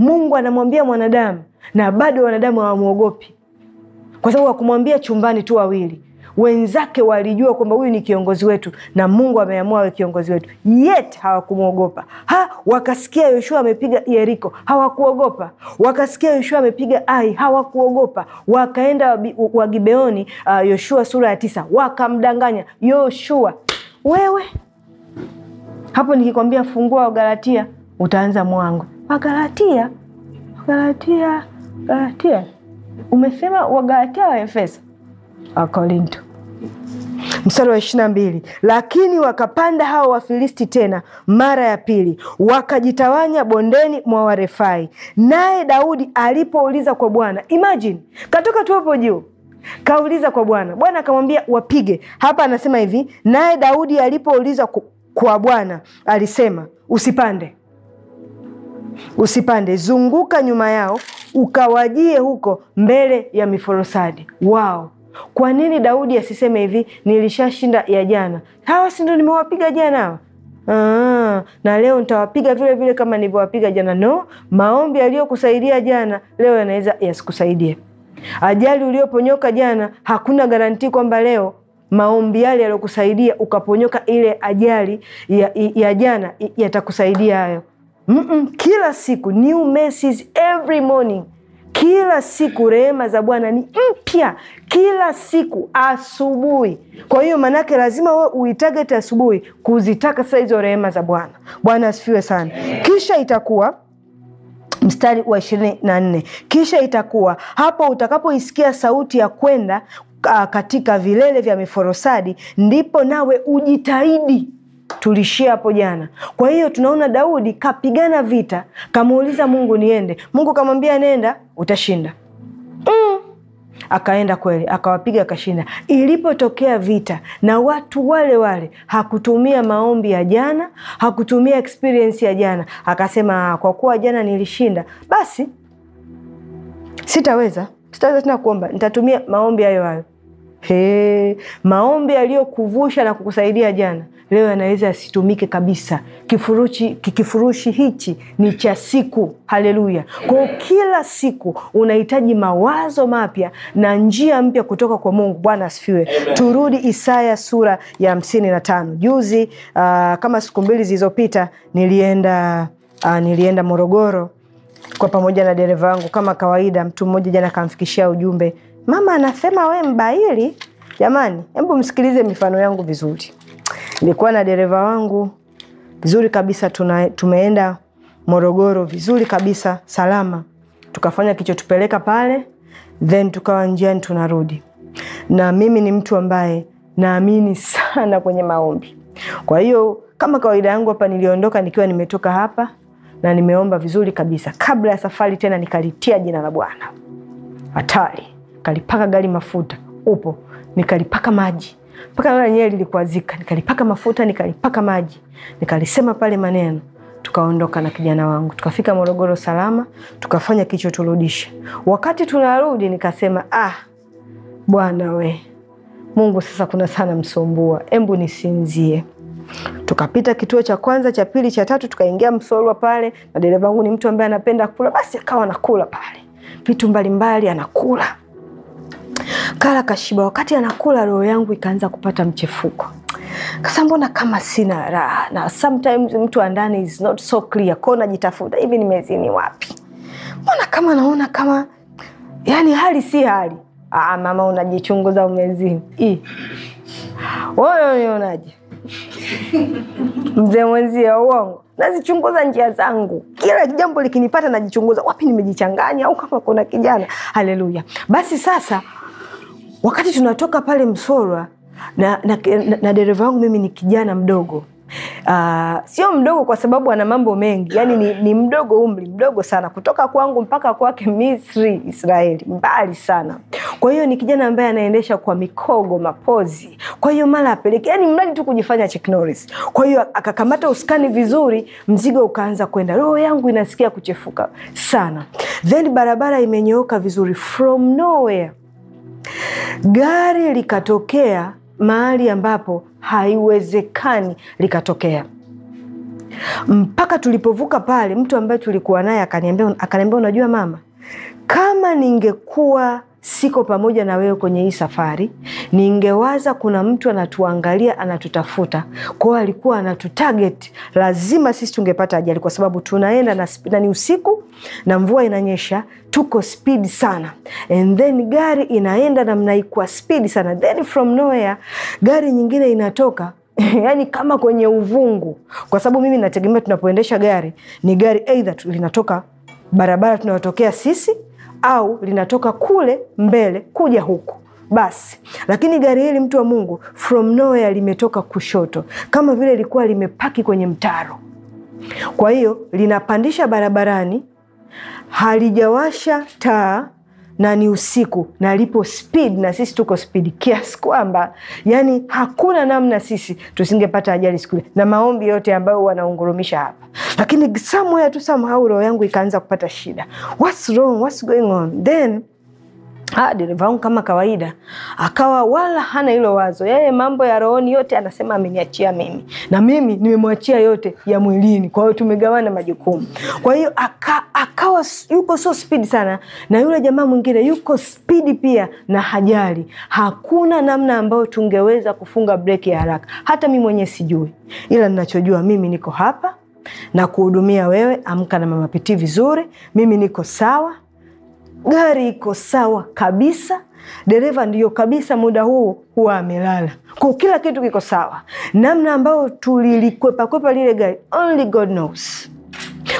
[SPEAKER 1] Mungu anamwambia mwanadamu, na bado wanadamu hawamwogopi, kwa sababu wakumwambia chumbani tu wawili wenzake walijua kwamba huyu ni kiongozi wetu na Mungu ameamua awe kiongozi wetu, yet hawakumwogopa. Ha, wakasikia Yoshua amepiga Yeriko, hawakuogopa. Wakasikia Yoshua amepiga Ai, hawakuogopa. Wakaenda Wagibeoni, uh, Yoshua sura ya tisa, wakamdanganya Yoshua, wewe hapo nikikwambia fungua Wagalatia utaanza mwangu Wagalatia, Wagalatia, Galatia. Umesema Wagalatia wa Efeso? Wakorinto. Mstari wa ishirini na mbili lakini wakapanda hao Wafilisti tena mara ya pili, wakajitawanya bondeni mwa Warefai. Naye Daudi alipouliza kwa Bwana, imajini katoka tuwepo juu kauliza kwa Bwana, Bwana akamwambia wapige. Hapa anasema hivi, naye Daudi alipouliza kwa Bwana alisema, usipande usipande, zunguka nyuma yao ukawajie huko mbele ya miforosadi wao. Kwa nini Daudi asiseme hivi, nilishashinda ya jana, hawa si ndo nimewapiga jana hawa Aa, ah, na leo nitawapiga vile vile kama nilivyowapiga jana. No, maombi aliyokusaidia jana leo yanaweza yasikusaidie. Ajali uliyoponyoka jana, hakuna garanti kwamba leo maombi yale yaliyokusaidia ukaponyoka ile ajali ya, ya jana yatakusaidia hayo mm -mm. Kila siku new mercies every morning kila siku rehema za Bwana ni mpya kila siku asubuhi. Kwa hiyo manake lazima we uitageti asubuhi kuzitaka sasa hizo rehema za Bwana. Bwana asifiwe sana. Kisha itakuwa mstari wa ishirini na nne kisha itakuwa hapo utakapoisikia sauti ya kwenda ah, katika vilele vya miforosadi ndipo nawe ujitahidi tulishia hapo jana. Kwa hiyo tunaona Daudi kapigana vita, kamuuliza Mungu niende, Mungu kamwambia nenda, utashinda mm. Akaenda kweli, akawapiga akashinda. Ilipotokea vita na watu wale wale, hakutumia maombi ya jana, hakutumia experience ya jana, akasema kwa kuwa jana nilishinda, basi sitaweza sitaweza tena kuomba, nitatumia maombi hayo hayo. He, maombi aliyokuvusha na kukusaidia jana leo yanaweza yasitumike kabisa. Kifurushi, kifurushi hichi ni cha siku. Haleluya! Kwa kila siku unahitaji mawazo mapya na njia mpya kutoka kwa Mungu. Bwana asifiwe. Turudi Isaya sura ya hamsini na tano. Juzi uh, kama siku mbili zilizopita nilienda uh, nilienda Morogoro kwa pamoja na dereva wangu kama kawaida. Mtu mmoja jana akamfikishia ujumbe, mama anasema we mbaili. Jamani, hebu msikilize mifano yangu vizuri. Nilikuwa na dereva wangu vizuri kabisa, tuna, tumeenda Morogoro vizuri kabisa salama, tukafanya kichotupeleka pale, then tukawa njiani tunarudi. Na mimi ni mtu ambaye naamini sana kwenye maombi, kwa hiyo kama kawaida yangu hapa niliondoka nikiwa nimetoka hapa na nimeomba vizuri kabisa kabla ya safari tena, nikalitia jina la Bwana hatari, kalipaka gari mafuta upo, nikalipaka maji mpaka leo lenyewe lilikuazika, nikalipaka mafuta, nikalipaka maji, nikalisema pale maneno, tukaondoka na kijana wangu, tukafika Morogoro salama, tukafanya kichoturudisha. Wakati tunarudi nikasema ah, bwana we Mungu sasa kuna sana msumbua, embu nisinzie. Tukapita kituo cha kwanza, cha pili, cha tatu, tukaingia Msolwa pale, na dereva wangu ni mtu ambaye anapenda kula, basi akawa anakula pale vitu mbalimbali, anakula Kala kashiba, wakati anakula roho yangu ikaanza kupata mchefuko. Kasa mbona kama sina raha, na sometimes mtu wa ndani is not so clear, kwao najitafuta hivi, nimezini wapi? Mbona kama naona kama yani hali si hali. Ah, mama unajichunguza umezini. Wewe unaonaje? Mzee mwenzie uongo nazichunguza njia zangu, kila jambo likinipata najichunguza, wapi nimejichanganya, au kama kuna kijana. Haleluya! Basi sasa Wakati tunatoka pale Msorwa na, na, na, na dereva wangu mimi ni kijana mdogo Uh, sio mdogo kwa sababu ana mambo mengi yani ni, ni mdogo umri mdogo sana kutoka kwangu mpaka kwake Misri Israeli mbali sana kwa hiyo ni kijana ambaye anaendesha kwa mikogo mapozi kwa hiyo mara apeleke yani mradi tu kujifanya Chuck Norris kwa hiyo akakamata usukani vizuri mzigo ukaanza kwenda roho yangu inasikia kuchefuka sana then barabara imenyooka vizuri from nowhere Gari likatokea mahali ambapo haiwezekani likatokea. Mpaka tulipovuka pale, mtu ambaye tulikuwa naye akaniambia, akaniambia unajua mama, kama ningekuwa siko pamoja na wewe kwenye hii safari. Ningewaza kuna mtu anatuangalia, anatutafuta. Kwa hiyo alikuwa anatutarget, lazima sisi tungepata ajali, kwa sababu tunaenda na, na ni usiku na mvua inanyesha, tuko speed sana, and then gari inaenda na mnaikuwa speed sana, then from nowhere gari nyingine inatoka yani kama kwenye uvungu, kwa sababu mimi nategemea tunapoendesha gari ni gari aidha linatoka barabara tunayotokea sisi au linatoka kule mbele kuja huku basi lakini gari hili mtu wa Mungu from nowhere limetoka kushoto, kama vile ilikuwa limepaki kwenye mtaro. Kwa hiyo linapandisha barabarani, halijawasha taa, na ni usiku na lipo speed na sisi tuko speed kiasi kwamba yani hakuna namna sisi tusingepata ajali siku ile na maombi yote ambayo wanaungurumisha hapa, lakini somewhere tu somehow roho yangu ikaanza kupata shida. What's wrong? What's going on? Then Ha, ah, dereva wangu kama kawaida akawa wala hana hilo wazo. Yeye mambo ya rohoni yote anasema ameniachia mimi, na mimi nimemwachia yote ya mwilini. Kwa hiyo tumegawana majukumu. Kwa hiyo aka, akawa yuko so spidi sana, na yule jamaa mwingine yuko spidi pia na hajali. Hakuna namna ambayo tungeweza kufunga breki ya haraka. Hata mi mwenyewe sijui, ila ninachojua mimi niko hapa na kuhudumia wewe. Amka na mama vizuri, mimi niko sawa gari iko sawa kabisa, dereva ndiyo kabisa muda huu huwa amelala, kwa kila kitu kiko sawa. Namna ambayo tulilikwepakwepa lile gari, only God knows.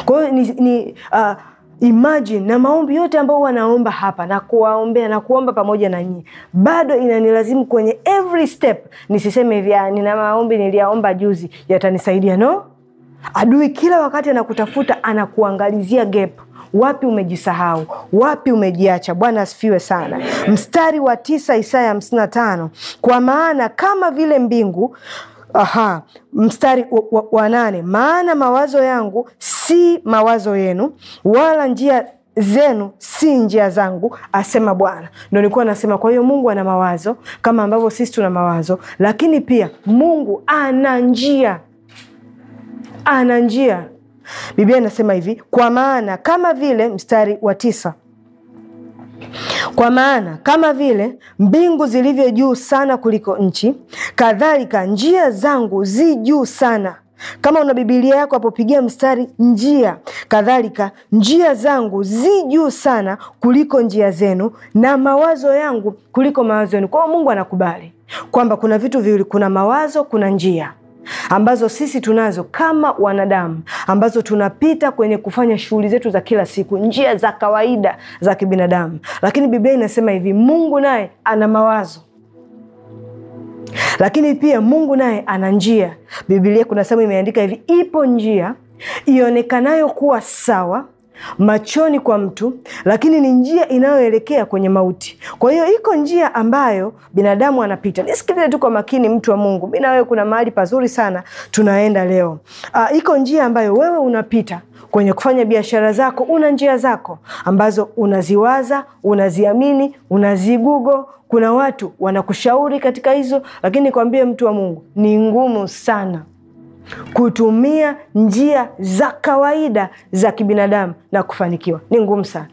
[SPEAKER 1] Kwa hiyo ni, ni uh, imagine na maombi yote ambao wanaomba hapa na kuwaombea na kuomba pamoja na nyinyi, bado inanilazimu kwenye every step nisiseme hivi, ah, nina maombi niliyaomba juzi yatanisaidia. No, adui kila wakati anakutafuta, anakuangalizia gepu wapi umejisahau? Wapi umejiacha? Bwana asifiwe sana. Mstari wa tisa, Isaya 55 tano, kwa maana kama vile mbingu Aha, mstari wa, wa, wa nane, maana mawazo yangu si mawazo yenu, wala njia zenu si njia zangu, asema Bwana. Ndo nilikuwa nasema. Kwa hiyo Mungu ana mawazo kama ambavyo sisi tuna mawazo, lakini pia Mungu ana njia, ana njia Biblia inasema hivi, kwa maana kama vile, mstari wa tisa, kwa maana kama vile mbingu zilivyo juu sana kuliko nchi, kadhalika njia zangu zi juu sana kama una Bibilia yako hapo pigia mstari njia. Kadhalika njia zangu zi juu sana kuliko njia zenu, na mawazo yangu kuliko mawazo yenu. Kwa hiyo Mungu anakubali kwamba kuna vitu viwili, kuna mawazo, kuna njia ambazo sisi tunazo kama wanadamu, ambazo tunapita kwenye kufanya shughuli zetu za kila siku, njia za kawaida za kibinadamu. Lakini Biblia inasema hivi, Mungu naye ana mawazo lakini pia Mungu naye ana njia. Biblia kuna sehemu imeandika hivi, ipo njia ionekanayo kuwa sawa machoni kwa mtu, lakini ni njia inayoelekea kwenye mauti. Kwa hiyo iko njia ambayo binadamu anapita. Nisikilize tu kwa makini, mtu wa Mungu, mi nawewe kuna mahali pazuri sana tunaenda leo. Uh, iko njia ambayo wewe unapita kwenye kufanya biashara zako. Una njia zako ambazo unaziwaza, unaziamini, unazigugo. Kuna watu wanakushauri katika hizo, lakini kwambie mtu wa Mungu, ni ngumu sana kutumia njia za kawaida za kibinadamu na kufanikiwa ni ngumu sana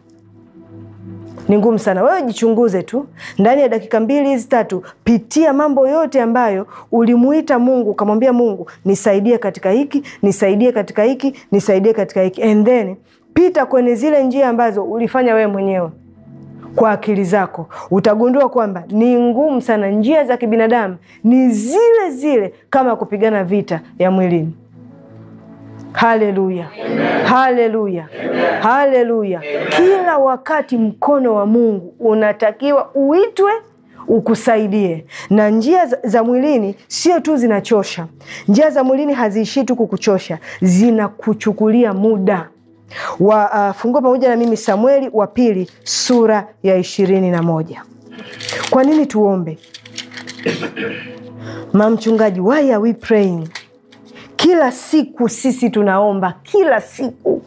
[SPEAKER 1] ni ngumu sana. Wewe jichunguze tu ndani ya dakika mbili hizi tatu, pitia mambo yote ambayo ulimuita Mungu ukamwambia Mungu, nisaidie katika hiki, nisaidie katika hiki, nisaidie katika hiki, and then pita kwenye zile njia ambazo ulifanya wewe mwenyewe kwa akili zako, utagundua kwamba ni ngumu sana. Njia za kibinadamu ni zile zile kama kupigana vita ya mwilini. Haleluya, haleluya, haleluya! Kila wakati mkono wa Mungu unatakiwa uitwe ukusaidie na njia za mwilini. Sio tu zinachosha, njia za mwilini haziishii tu kukuchosha, zinakuchukulia muda Wafungua uh, pamoja na mimi Samueli wa pili sura ya ishirini na moja. Kwa nini tuombe? Mamchungaji, why are we praying? Kila siku sisi tunaomba kila siku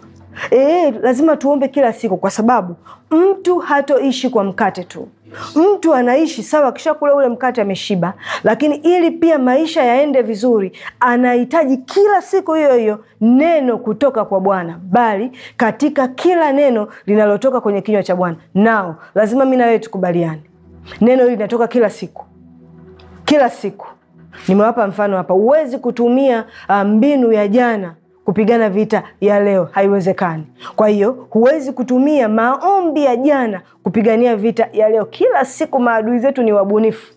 [SPEAKER 1] e, lazima tuombe kila siku, kwa sababu mtu hatoishi kwa mkate tu Mtu anaishi sawa, akishakula ule mkate ameshiba, lakini ili pia maisha yaende vizuri, anahitaji kila siku hiyo hiyo neno kutoka kwa Bwana, bali katika kila neno linalotoka kwenye kinywa cha Bwana nao lazima mi nawee tukubaliani tukubaliane, neno hili linatoka kila siku, kila siku. Nimewapa mfano hapa, huwezi kutumia ah, mbinu ya jana kupigana vita ya leo, haiwezekani. Kwa hiyo huwezi kutumia maombi ya jana kupigania vita ya leo. Kila siku maadui zetu ni wabunifu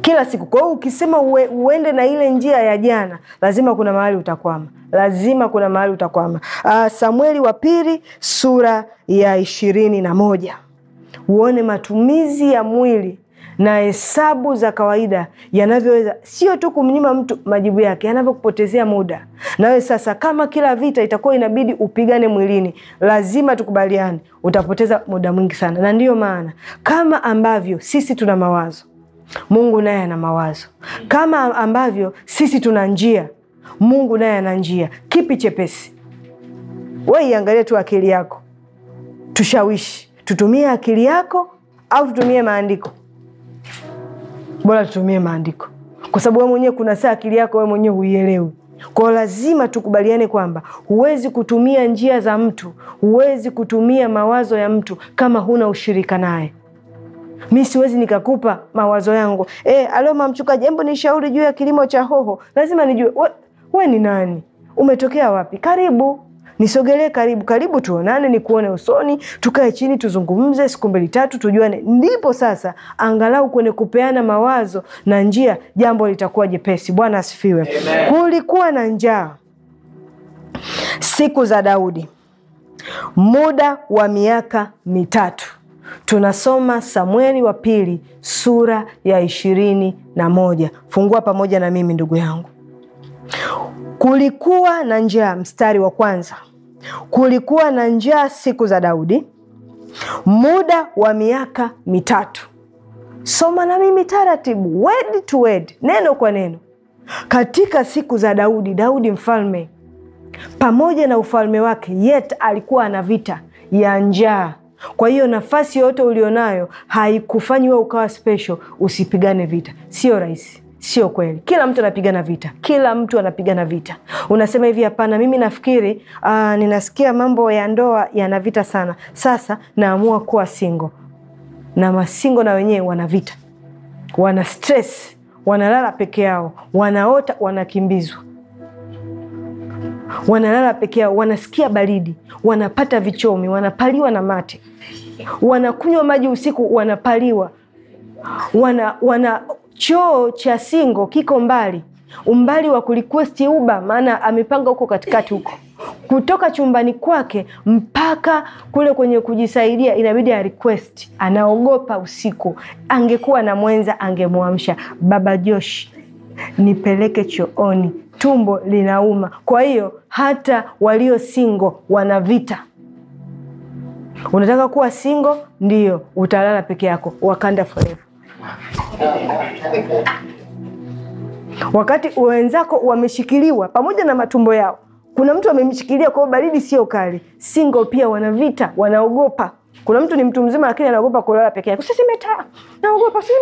[SPEAKER 1] kila siku. Kwa hiyo ukisema uwe, uende na ile njia ya jana, lazima kuna mahali utakwama, lazima kuna mahali utakwama. Uh, Samueli wa pili sura ya ishirini na moja uone matumizi ya mwili na hesabu za kawaida yanavyoweza sio tu kumnyima mtu majibu yake, yanavyokupotezea muda. Nawe sasa, kama kila vita itakuwa inabidi upigane mwilini, lazima tukubaliane, utapoteza muda mwingi sana. Na ndiyo maana kama ambavyo sisi tuna mawazo, Mungu naye ana mawazo. Kama ambavyo sisi tuna njia, Mungu naye ana njia. Kipi chepesi? We iangalie tu akili yako, tushawishi, tutumie akili yako au tutumie maandiko? bora tutumie maandiko, kwa sababu wewe mwenyewe kuna saa akili yako wewe mwenyewe huielewi. Kwa lazima tukubaliane kwamba huwezi kutumia njia za mtu, huwezi kutumia mawazo ya mtu kama huna ushirika naye. Mi siwezi nikakupa mawazo yangu e, eh, mamchuka jembo ni shauri juu ya kilimo cha hoho. Lazima nijue we, we ni nani, umetokea wapi, karibu nisogelee karibu karibu, tuonane, nikuone usoni, tukae chini, tuzungumze siku mbili tatu, tujuane. Ndipo sasa angalau kwenye kupeana mawazo na njia, jambo litakuwa jepesi. Bwana asifiwe. Kulikuwa na njaa siku za Daudi muda wa miaka mitatu. Tunasoma Samueli wa pili sura ya ishirini na moja. Fungua pamoja na mimi ndugu yangu kulikuwa na njaa, mstari wa kwanza, kulikuwa na njaa siku za Daudi muda wa miaka mitatu. Soma na mimi taratibu, word to word, neno kwa neno. Katika siku za Daudi, Daudi mfalme pamoja na ufalme wake, yet alikuwa ana vita ya njaa. Kwa hiyo nafasi yoyote ulionayo haikufanyi wewe ukawa special, usipigane vita, sio rahisi. Sio kweli. Kila mtu anapigana vita, kila mtu anapigana vita. Unasema hivi, hapana, mimi nafikiri aa, ah, ninasikia mambo ya ndoa yana vita sana, sasa naamua kuwa singo. Na masingo na wenyewe wana vita, wana stress, wanalala peke yao, wanaota, wanakimbizwa, wanalala peke yao, wanasikia baridi, wanapata vichomi, wanapaliwa na mate, wanakunywa maji usiku, wanapaliwa wana, wana choo cha singo kiko mbali, umbali wa kurequest uba, maana amepanga huko katikati huko kutoka chumbani kwake mpaka kule kwenye kujisaidia inabidi ya request. Anaogopa usiku. Angekuwa na mwenza angemwamsha, baba Josh, nipeleke chooni, tumbo linauma. Kwa hiyo hata walio singo wana vita. Unataka kuwa singo? Ndio, utalala peke yako, Wakanda forever. Wakati wenzako wameshikiliwa pamoja na matumbo yao, kuna mtu amemshikilia kwao, baridi sio kali. Single pia wana vita, wanaogopa. Kuna mtu ni mtu mzima lakini anaogopa kulala peke yake. Sisimeta, naogopa sisi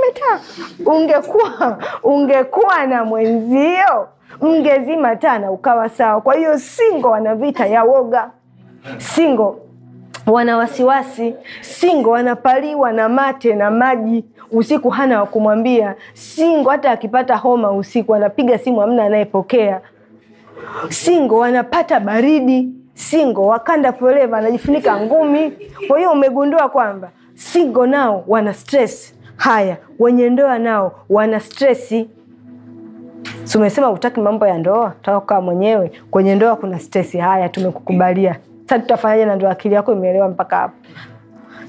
[SPEAKER 1] Ungekuwa ungekuwa na mwenzio, mngezima taa na ukawa sawa. Kwa hiyo single wana vita ya woga, single wana wasiwasi, single wanapaliwa na mate na maji usiku hana wa kumwambia singo. Hata akipata homa usiku anapiga simu, amna anayepokea singo. Anapata baridi singo, wakanda foreva, anajifunika ngumi. Kwa hiyo umegundua kwamba singo nao wana stress. Haya, wenye ndoa nao wana stresi. Si umesema utaki mambo ya ndoa, taka kukaa mwenyewe. Kwenye ndoa kuna stresi. Haya, tumekukubalia sasa, tutafanyaje na ndoa? Akili yako imeelewa mpaka hapo?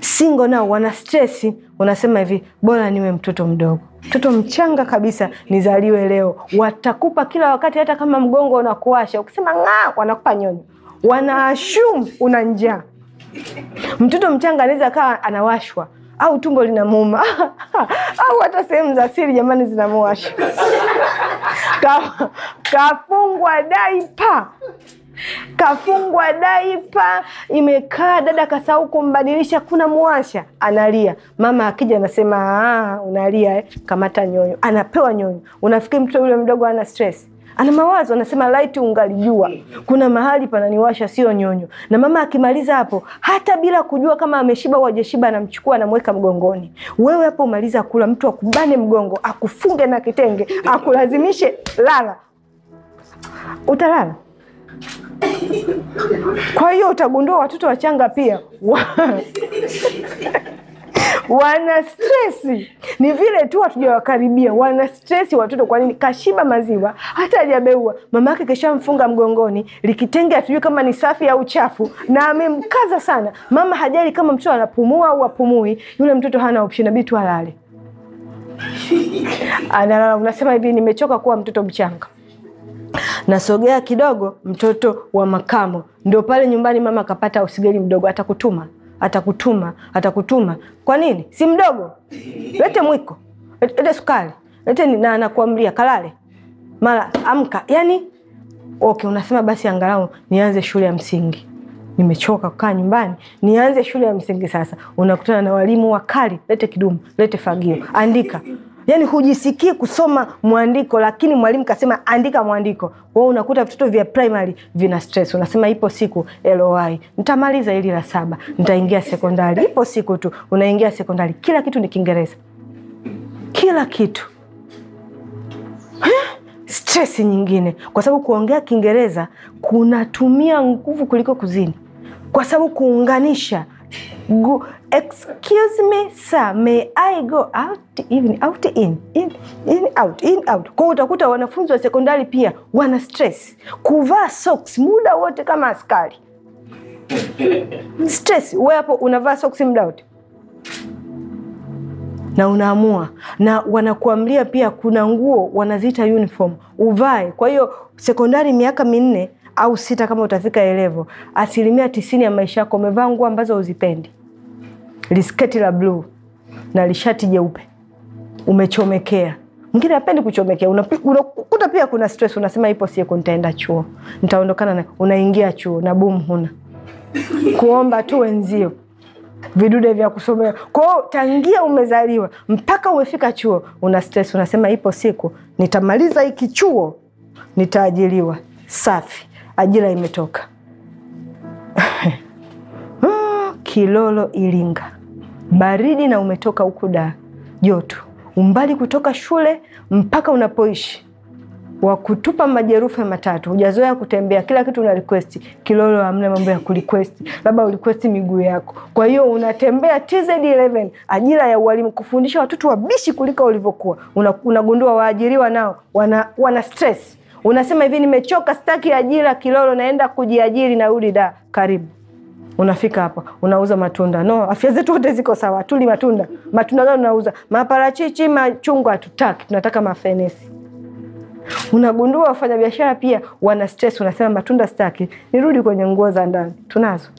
[SPEAKER 1] single nao wana stress, unasema hivi, bora niwe mtoto mdogo, mtoto mchanga kabisa, nizaliwe leo. Watakupa kila wakati, hata kama mgongo unakuasha ukisema ng'aa, wanakupa nyonyo, wanaashum una njaa. Mtoto mchanga anaweza kawa anawashwa au tumbo linamuuma au hata sehemu za siri jamani, zinamuasha kafungwa daipa kafungwa daipa, imekaa dada kasahau kumbadilisha, kuna mwasha, analia. Mama akija anasema ah, unalia eh? Kamata nyonyo, anapewa nyonyo. Unafikiri mtoto yule mdogo ana stress? Ana mawazo, anasema laiti ungalijua kuna mahali pananiwasha, sio nyonyo. Na mama akimaliza hapo, hata bila kujua kama ameshiba au hajashiba, anamchukua anamweka mgongoni. Wewe hapo umaliza kula, mtu akubane mgongo, akufunge na kitenge, akulazimishe lala, utalala. Kwa hiyo utagundua watoto wachanga pia wana stresi, ni vile tu hatujawakaribia. Wana stresi watoto. Kwa nini? Kashiba maziwa hata hajabeua, mama yake kishamfunga mgongoni, likitenge hatujui kama ni safi au chafu, na amemkaza sana. Mama hajali kama mtoto anapumua au apumui, yule mtoto hana option, inabidi tu alale analala. Unasema hivi, nimechoka kuwa mtoto mchanga. Nasogea kidogo, mtoto wa makamo. Ndio pale nyumbani mama akapata usigeli mdogo, atakutuma atakutuma atakutuma. Kwa nini? si mdogo, lete mwiko, lete sukari, lete na anakuamlia kalale, mara amka. Yani okay, unasema basi angalau nianze shule ya msingi nimechoka kukaa nyumbani, nianze shule ya msingi sasa. Unakutana na walimu wakali, lete kidumu, lete fagio, andika yani hujisikii kusoma mwandiko, lakini mwalimu kasema andika mwandiko. Wewe unakuta vitoto vya primary vina stress, unasema ipo siku LOI nitamaliza hili la saba, nitaingia sekondari. Ipo siku tu unaingia sekondari, kila kitu ni Kiingereza, kila kitu eh? stress nyingine, kwa sababu kuongea Kiingereza kunatumia nguvu kuliko kuzini, kwa sababu kuunganisha Go, excuse me sir, may I go out even out in in in out in out. Kwa utakuta wanafunzi wa sekondari pia wana stress kuvaa socks muda wote kama askari stress. Wewe hapo unavaa socks muda wote na unaamua na wanakuamlia pia, kuna nguo wanaziita uniform uvae. Kwa hiyo sekondari miaka minne au sita kama utafika elevo, asilimia tisini ya maisha yako umevaa nguo ambazo uzipendi, lisketi la bluu na lishati jeupe, umechomekea mwingine apendi kuchomekea. Unakuta pia kuna stress, unasema ipo siku ntaenda chuo, ntaondokana na. Unaingia chuo na boom, huna kuomba tu wenzio vidude vya kusomea. kwao. tangia umezaliwa mpaka umefika chuo una stress, unasema ipo siku nitamaliza hiki chuo nitaajiriwa. Safi ajira imetoka ah, Kilolo Iringa, baridi na umetoka huku da joto, umbali kutoka shule mpaka unapoishi wakutupa majerufe matatu, hujazoea kutembea, kila kitu una request. Kilolo hamna mambo ya kurequest, labda urequest miguu yako. Kwa hiyo unatembea TZ11, ajira ya ualimu, kufundisha watoto wabishi kuliko ulivyokuwa. Unagundua waajiriwa nao wana, wana stress unasema hivi, nimechoka, sitaki ajira Kilolo, naenda kujiajiri, narudi da. Karibu unafika hapa unauza matunda no. Afya zetu wote ziko sawa, tuli matunda. Matunda gani unauza? Maparachichi, machungwa hatutaki, tunataka mafenesi. Unagundua wafanyabiashara pia wana stress, unasema matunda sitaki, nirudi kwenye nguo za ndani, tunazo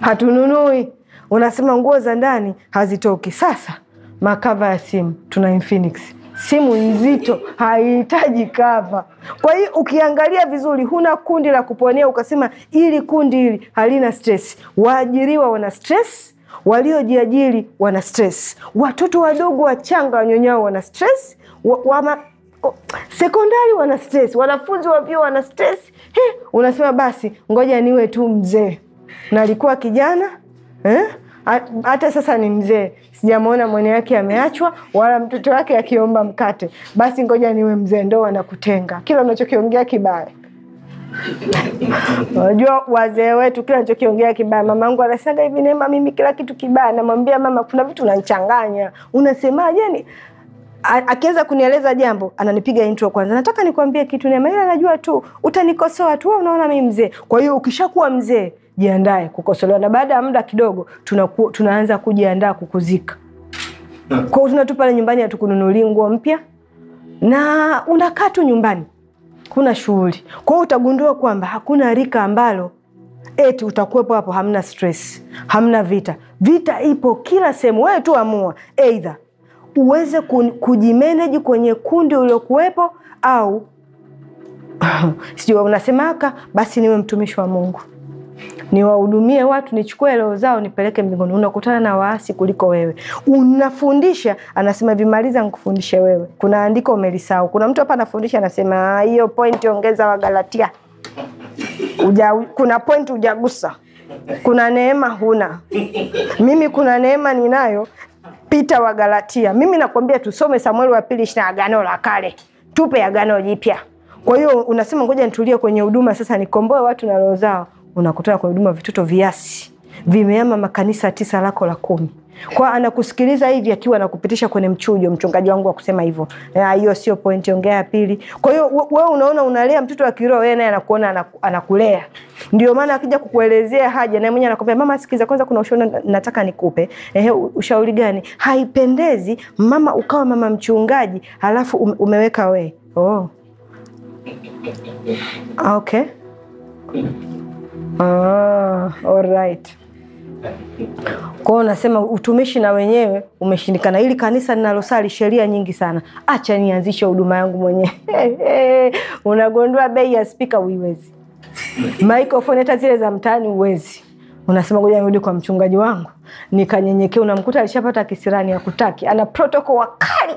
[SPEAKER 1] hatununui. Unasema nguo za ndani hazitoki. Sasa makava ya simu tuna Infinix simu nzito haihitaji kava. Kwa hiyo ukiangalia vizuri, huna kundi la kuponea ukasema ili kundi hili halina stress. Waajiriwa wana stress, waliojiajiri wana stress, watoto wadogo wachanga wanyonyao wana stress, wa, wama, sekondari wana stress, wanafunzi wa vyuo wana stress. He, unasema basi ngoja niwe tu mzee, nalikuwa kijana eh? hata sasa ni mzee, sijamwona mwene wake ameachwa wala mtoto wake akiomba mkate, basi ngoja niwe mzee. Ndo wanakutenga kila unachokiongea kibaya. Unajua wazee wetu, kila nachokiongea kibaya. angu anasaga hivi, Neema, mimi kila kitu kibaya. Namwambia mama, kuna vitu unanchanganya, unasemaje? Yani akiweza kunieleza jambo ananipiga intro kwanza, nataka nikuambie kitu Neema, ila najua tu utanikosoa tu, unaona mimi mzee. Kwa hiyo ukishakuwa mzee jiandae kukosolewa, na baada ya muda kidogo tunaku, tunaanza kujiandaa kukuzika. Hmm. Kwa hiyo tunatu pale nyumbani, hatukununulii nguo mpya na unakaa tu nyumbani, kuna shughuli. Kwa hiyo utagundua kwamba hakuna rika ambalo eti utakuwepo hapo, hamna stress, hamna vita. Vita ipo kila sehemu, wewe tu amua either uweze kujimeneji kwenye kundi uliokuwepo au sijui unasemaka, basi niwe mtumishi wa Mungu niwahudumie watu, nichukue roho zao nipeleke mbinguni. Unakutana na waasi kuliko wewe, unafundisha. Anasema vimaliza nikufundishe wewe. Kuna andiko umelisahau. Kuna mtu hapa anafundisha, anasema ah, hiyo point ongeza Wagalatia uja, kuna point ujagusa, Kuna neema huna. Mimi kuna neema ninayo, pita Wagalatia. Mimi nakwambia tusome Samueli wa pili ishirini, agano la kale, tupe agano jipya. Kwa hiyo unasema ngoja nitulie kwenye huduma sasa, nikomboe watu na roho zao unakutana kwenye huduma vitoto viasi vimeama makanisa tisa lako la kumi kwa anakusikiliza hivi akiwa anakupitisha kwenye mchujo. Mchungaji wangu akusema hivyo, hiyo sio pointi, ongea ya pili. Kwa hiyo wewe unaona unalea mtoto wa kiroho, yeye naye anakuona anaku, anakulea. Ndio maana akija kukuelezea haja, naye mwenyewe anakwambia mama, sikiza kwanza, kuna ushauri nataka nikupe. Ehe, ushauri gani? Haipendezi mama ukawa mama mchungaji halafu umeweka we. Oh. Okay. Ah, right. Kwa hiyo unasema utumishi na wenyewe umeshindikana. ili kanisa ninalosali sheria nyingi sana, acha nianzishe huduma yangu mwenyewe. unagondoa bei ya spika uiwezi, maikrofoni hata zile za mtaani uwezi. Unasema ngoja nirudi kwa mchungaji wangu nikanyenyekea. Unamkuta alishapata kisirani ya kutaki, ana protoko wakali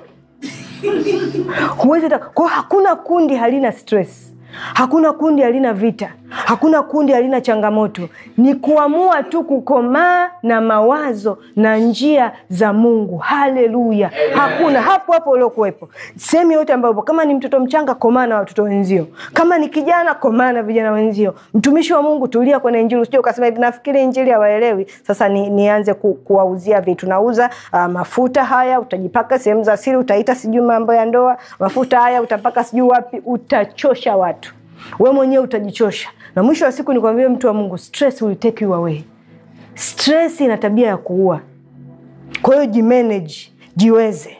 [SPEAKER 1] huwezi. Kwa hakuna kundi halina stress Hakuna kundi halina vita, hakuna kundi halina changamoto. Ni kuamua tu kukomaa na mawazo na njia za Mungu. Haleluya! Hakuna hapo hapo uliokuwepo sehemu yote ambayo Kama ni mtoto mchanga, komaa na watoto wenzio. Kama ni kijana, komaa na vijana wenzio. Mtumishi wa Mungu, tulia kwenye Injili, usije ukasema hivi, nafikiri Injili hawaelewi, sasa ni, nianze ku, kuwauzia vitu. Nauza uh, mafuta haya utajipaka sehemu za siri, utaita sijui mambo ya ndoa, mafuta haya utapaka sijui wapi, utachosha watu we mwenyewe utajichosha, na mwisho wa siku nikwambie, mtu wa Mungu, stress will take you away. Stress ina tabia ya kuua. Kwa hiyo jimanage, jiweze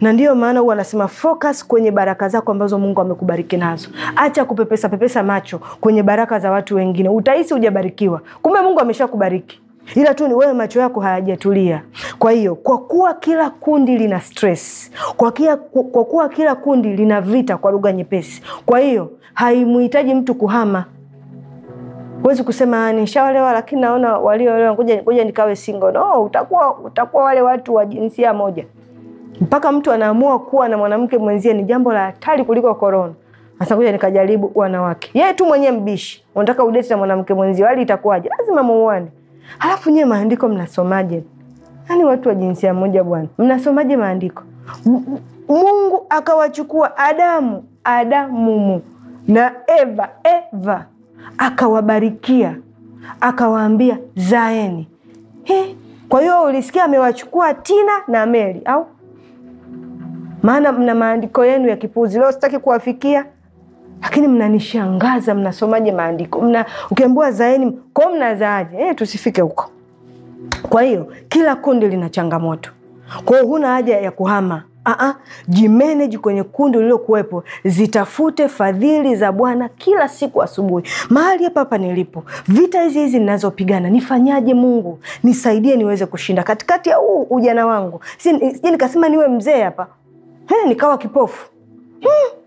[SPEAKER 1] na ndiyo maana huwa anasema focus kwenye baraka zako ambazo Mungu amekubariki nazo. Acha kupepesa pepesa macho kwenye baraka za watu wengine, utahisi hujabarikiwa, kumbe Mungu ameshakubariki ila tu ni wewe macho yako hayajatulia. Kwa hiyo kwa kuwa kila kundi lina stress, kwa, kia, kwa kuwa kila kundi lina vita, kwa lugha nyepesi, kwa hiyo haimhitaji mtu kuhama. Huwezi kusema nishaolewa, lakini naona walioolewa ngoja ngoja nikawe single. No, utakuwa utakuwa wale watu wa jinsia moja. Mpaka mtu anaamua kuwa na mwanamke mwenzie ni jambo la hatari kuliko korona. Sasa kuja nikajaribu wanawake, yeye tu mwenyewe mbishi, unataka udeti na mwanamke mwenzie, hali itakuwaje? Lazima muuane. Halafu nyie maandiko mnasomaje? Yaani watu wa jinsia moja bwana, mnasomaje maandiko? Mungu akawachukua Adamu Adamumu na Eva Eva akawabarikia akawaambia zaeni. He, kwa hiyo ulisikia amewachukua Tina na meli au? Maana mna maandiko yenu ya kipuzi. Leo sitaki kuwafikia lakini mnanishangaza. Mnasomaje maandiko? Mna ukiambua zaeni, kwao mnazaaje? Eh, tusifike huko. Kwa hiyo kila kundi lina changamoto, kwa hiyo huna haja ya kuhama. Aa, jimeneji kwenye kundi uliokuwepo, zitafute fadhili za Bwana kila siku asubuhi. Mahali hapa hapa nilipo, vita hizi hizi ninazopigana, nifanyaje? Mungu nisaidie niweze kushinda katikati ya huu ujana wangu, sije nikasema niwe mzee hapa, nikawa kipofu hmm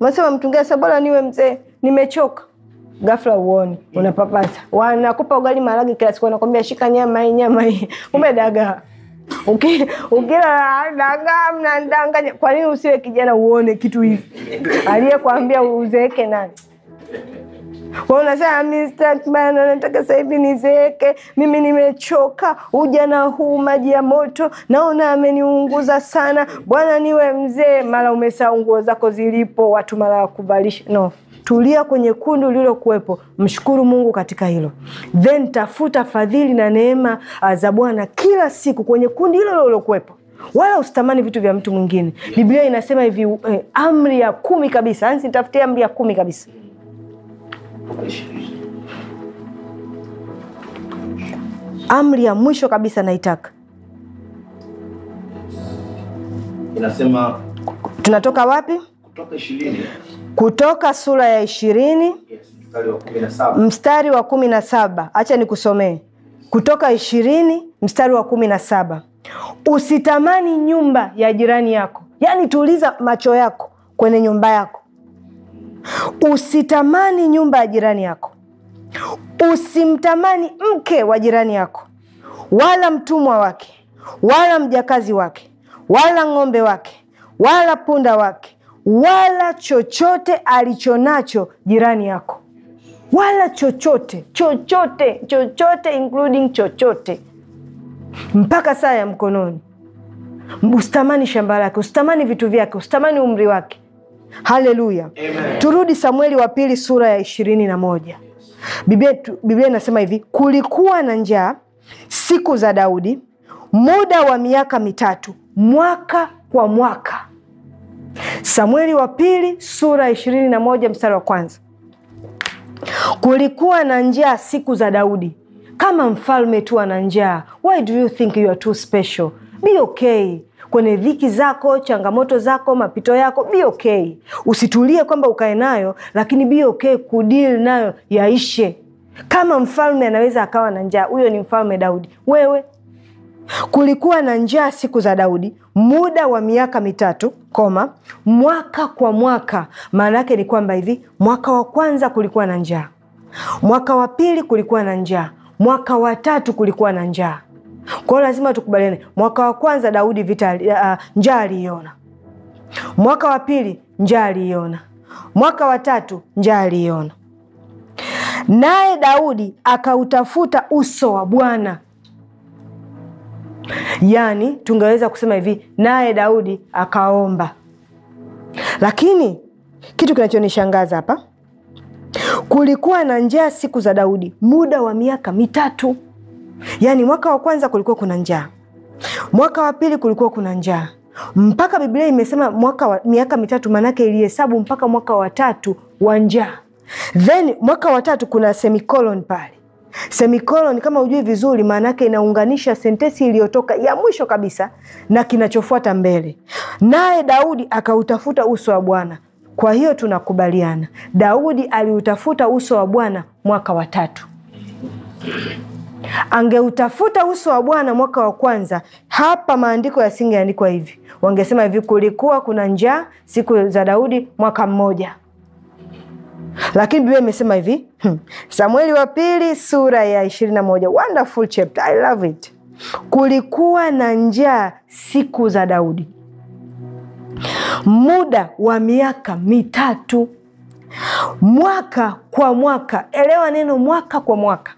[SPEAKER 1] masema hmm, mtungia sabola niwe mzee, nimechoka. Ghafla uoni unapapasa, wanakupa ugali maragi kila siku, wanakwambia shika nyama hii, nyama hii, umedagaa ukila dagaa mnandanganya. Kwa nini usiwe kijana uone kitu hivi? Aliyekwambia uzeeke nani? mimi mi yaani, stuntman, nataka sasa hivi nizeeke, mimi nimechoka ujana huu, maji ya moto naona ameniunguza sana bwana, niwe mzee. Mara umesahau nguo zako zilipo, watu mara kuvalisha No, tulia kwenye kundi ulilokuwepo, mshukuru Mungu katika hilo, then tafuta fadhili na neema ah, za Bwana kila siku kwenye kundi hilo lilokuwepo wala usitamani vitu vya mtu mwingine. Biblia inasema hivi eh, amri ya kumi kabisa, yani nitafutie amri ya kumi kabisa Amri ya mwisho kabisa naitaka, inasema tunatoka wapi? Kutoka ishirini, Kutoka sura ya ishirini yes, mstari wa kumi na saba. Acha nikusomee Kutoka ishirini mstari wa kumi na saba, usitamani nyumba ya jirani yako. Yaani tuuliza macho yako kwenye nyumba yako Usitamani nyumba ya jirani yako, usimtamani mke wa jirani yako, wala mtumwa wake, wala mjakazi wake, wala ng'ombe wake, wala punda wake, wala chochote alichonacho jirani yako, wala chochote chochote chochote, including chochote mpaka saa ya mkononi. Usitamani shamba lake, usitamani vitu vyake, usitamani umri wake haleluya turudi samueli wa pili sura ya ishirini na moja biblia inasema hivi kulikuwa na njaa siku za daudi muda wa miaka mitatu mwaka kwa mwaka samueli wa pili sura ya ishirini na moja mstari wa kwanza kulikuwa na njaa siku za daudi kama mfalme tu ana njaa why do you think you are too special be okay kwenye dhiki zako, changamoto zako, mapito yako, be okay. Usitulie kwamba ukae nayo, lakini be okay kudili nayo yaishe. Kama mfalme anaweza akawa na njaa, huyo ni mfalme Daudi. Wewe kulikuwa na njaa siku za Daudi muda wa miaka mitatu koma mwaka kwa mwaka. Maana yake ni kwamba hivi, mwaka wa kwanza kulikuwa na njaa, mwaka wa pili kulikuwa na njaa, mwaka wa tatu kulikuwa na njaa kwa hiyo lazima tukubaliane, mwaka wa kwanza Daudi vita uh, njaa aliiona, mwaka wa pili njaa aliiona, mwaka wa tatu njaa aliiona, naye Daudi akautafuta uso wa Bwana. Yaani tungeweza kusema hivi, naye Daudi akaomba. Lakini kitu kinachonishangaza hapa, kulikuwa na njaa siku za Daudi, muda wa miaka mitatu yaani mwaka wa kwanza kulikuwa kuna njaa mwaka wa pili kulikuwa kuna njaa mpaka biblia imesema mwaka wa miaka mitatu maanake ilihesabu mpaka mwaka wa tatu wa njaa then mwaka wa tatu kuna semicolon pale semicolon kama ujui vizuri maanake inaunganisha sentesi iliyotoka ya mwisho kabisa na kinachofuata mbele naye daudi akautafuta uso wa bwana kwa hiyo tunakubaliana daudi aliutafuta uso wa bwana mwaka wa tatu angeutafuta uso wa Bwana mwaka wa kwanza, hapa maandiko yasingeandikwa hivi. Wangesema hivi, kulikuwa kuna njaa siku za Daudi mwaka mmoja. Lakini Biblia imesema hivi hmm. Samueli wa pili sura ya ishirini na moja. Wonderful chapter. I love it. Kulikuwa na njaa siku za Daudi, muda wa miaka mitatu, mwaka kwa mwaka. Elewa neno mwaka kwa mwaka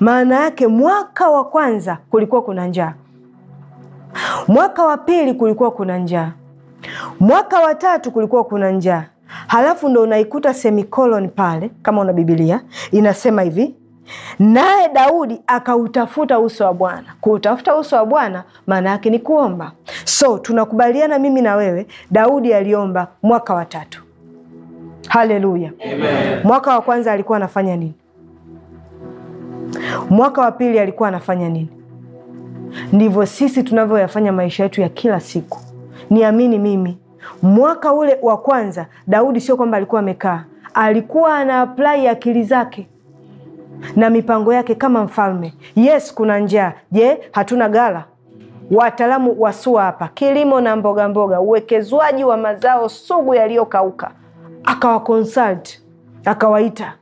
[SPEAKER 1] maana yake mwaka wa kwanza kulikuwa kuna njaa, mwaka wa pili kulikuwa kuna njaa, mwaka wa tatu kulikuwa kuna njaa. Halafu ndo unaikuta semikoloni pale, kama una Bibilia inasema hivi naye Daudi akautafuta uso wa Bwana. Kuutafuta uso wa Bwana maana yake ni kuomba. So tunakubaliana mimi na wewe, Daudi aliomba mwaka wa tatu. Haleluya! mwaka wa kwanza alikuwa anafanya nini? Mwaka wa pili alikuwa anafanya nini? Ndivyo sisi tunavyoyafanya maisha yetu ya kila siku. Niamini mimi, mwaka ule wa kwanza Daudi sio kwamba alikuwa amekaa, alikuwa ana aplai akili zake na mipango yake kama mfalme. Yes, kuna njaa. Je, hatuna gala Wataalamu wa SUA hapa, kilimo na mboga mboga uwekezwaji wa mazao sugu yaliyokauka, akawa consult, akawaita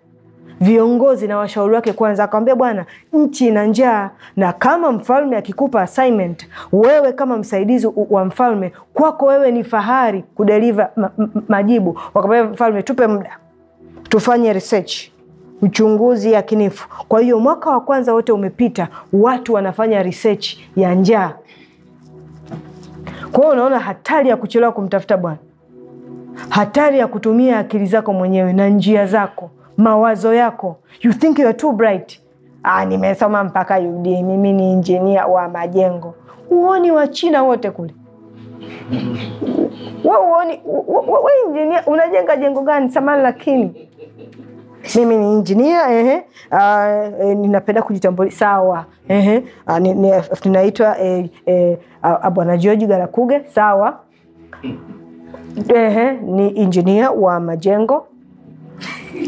[SPEAKER 1] viongozi na washauri wake kwanza, akamwambia bwana, nchi ina njaa, na kama mfalme akikupa assignment wewe kama msaidizi wa mfalme, kwako wewe ni fahari kudeliver ma majibu. Wakamwambia mfalme, tupe muda tufanye research uchunguzi yakinifu. Kwa hiyo mwaka wa kwanza wote umepita, watu wanafanya research ya njaa. Kwa hiyo unaona hatari ya kuchelewa kumtafuta Bwana, hatari ya kutumia akili zako mwenyewe na njia zako mawazo yako, you think you're too bright. Ah, nimesoma mpaka UD, mimi ni injinia wa majengo. Uoni wa China wote kule we uoni injinia unajenga jengo gani? Samani, lakini mimi ni injinia ehe, ah, eh, ninapenda kujitambulisha sawa, ehe, ah, eh, eh ah, Bwana George Garakuge sawa, ehe, ni injinia wa majengo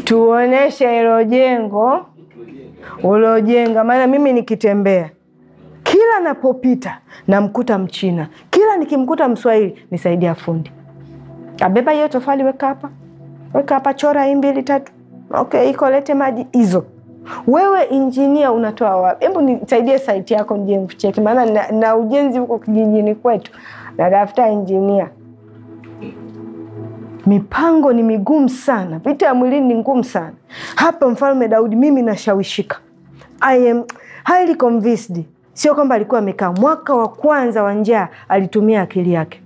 [SPEAKER 1] tuoneshe hilo jengo uliojenga, maana mimi nikitembea kila napopita namkuta Mchina, kila nikimkuta Mswahili nisaidia fundi, abeba hiyo tofali, weka hapa, weka hapa, chora hii mbili tatu, okay, iko lete maji hizo. Wewe injinia unatoa wapi? Hebu nisaidie saiti yako nije nikucheki, maana na, na ujenzi huko kijijini kwetu, na dafta injinia mipango ni migumu sana, vita ya mwilini ni ngumu sana. Hapa mfalme Daudi, mimi nashawishika, I am highly convinced. Sio kwamba alikuwa amekaa mwaka wa kwanza wa njaa, alitumia akili yake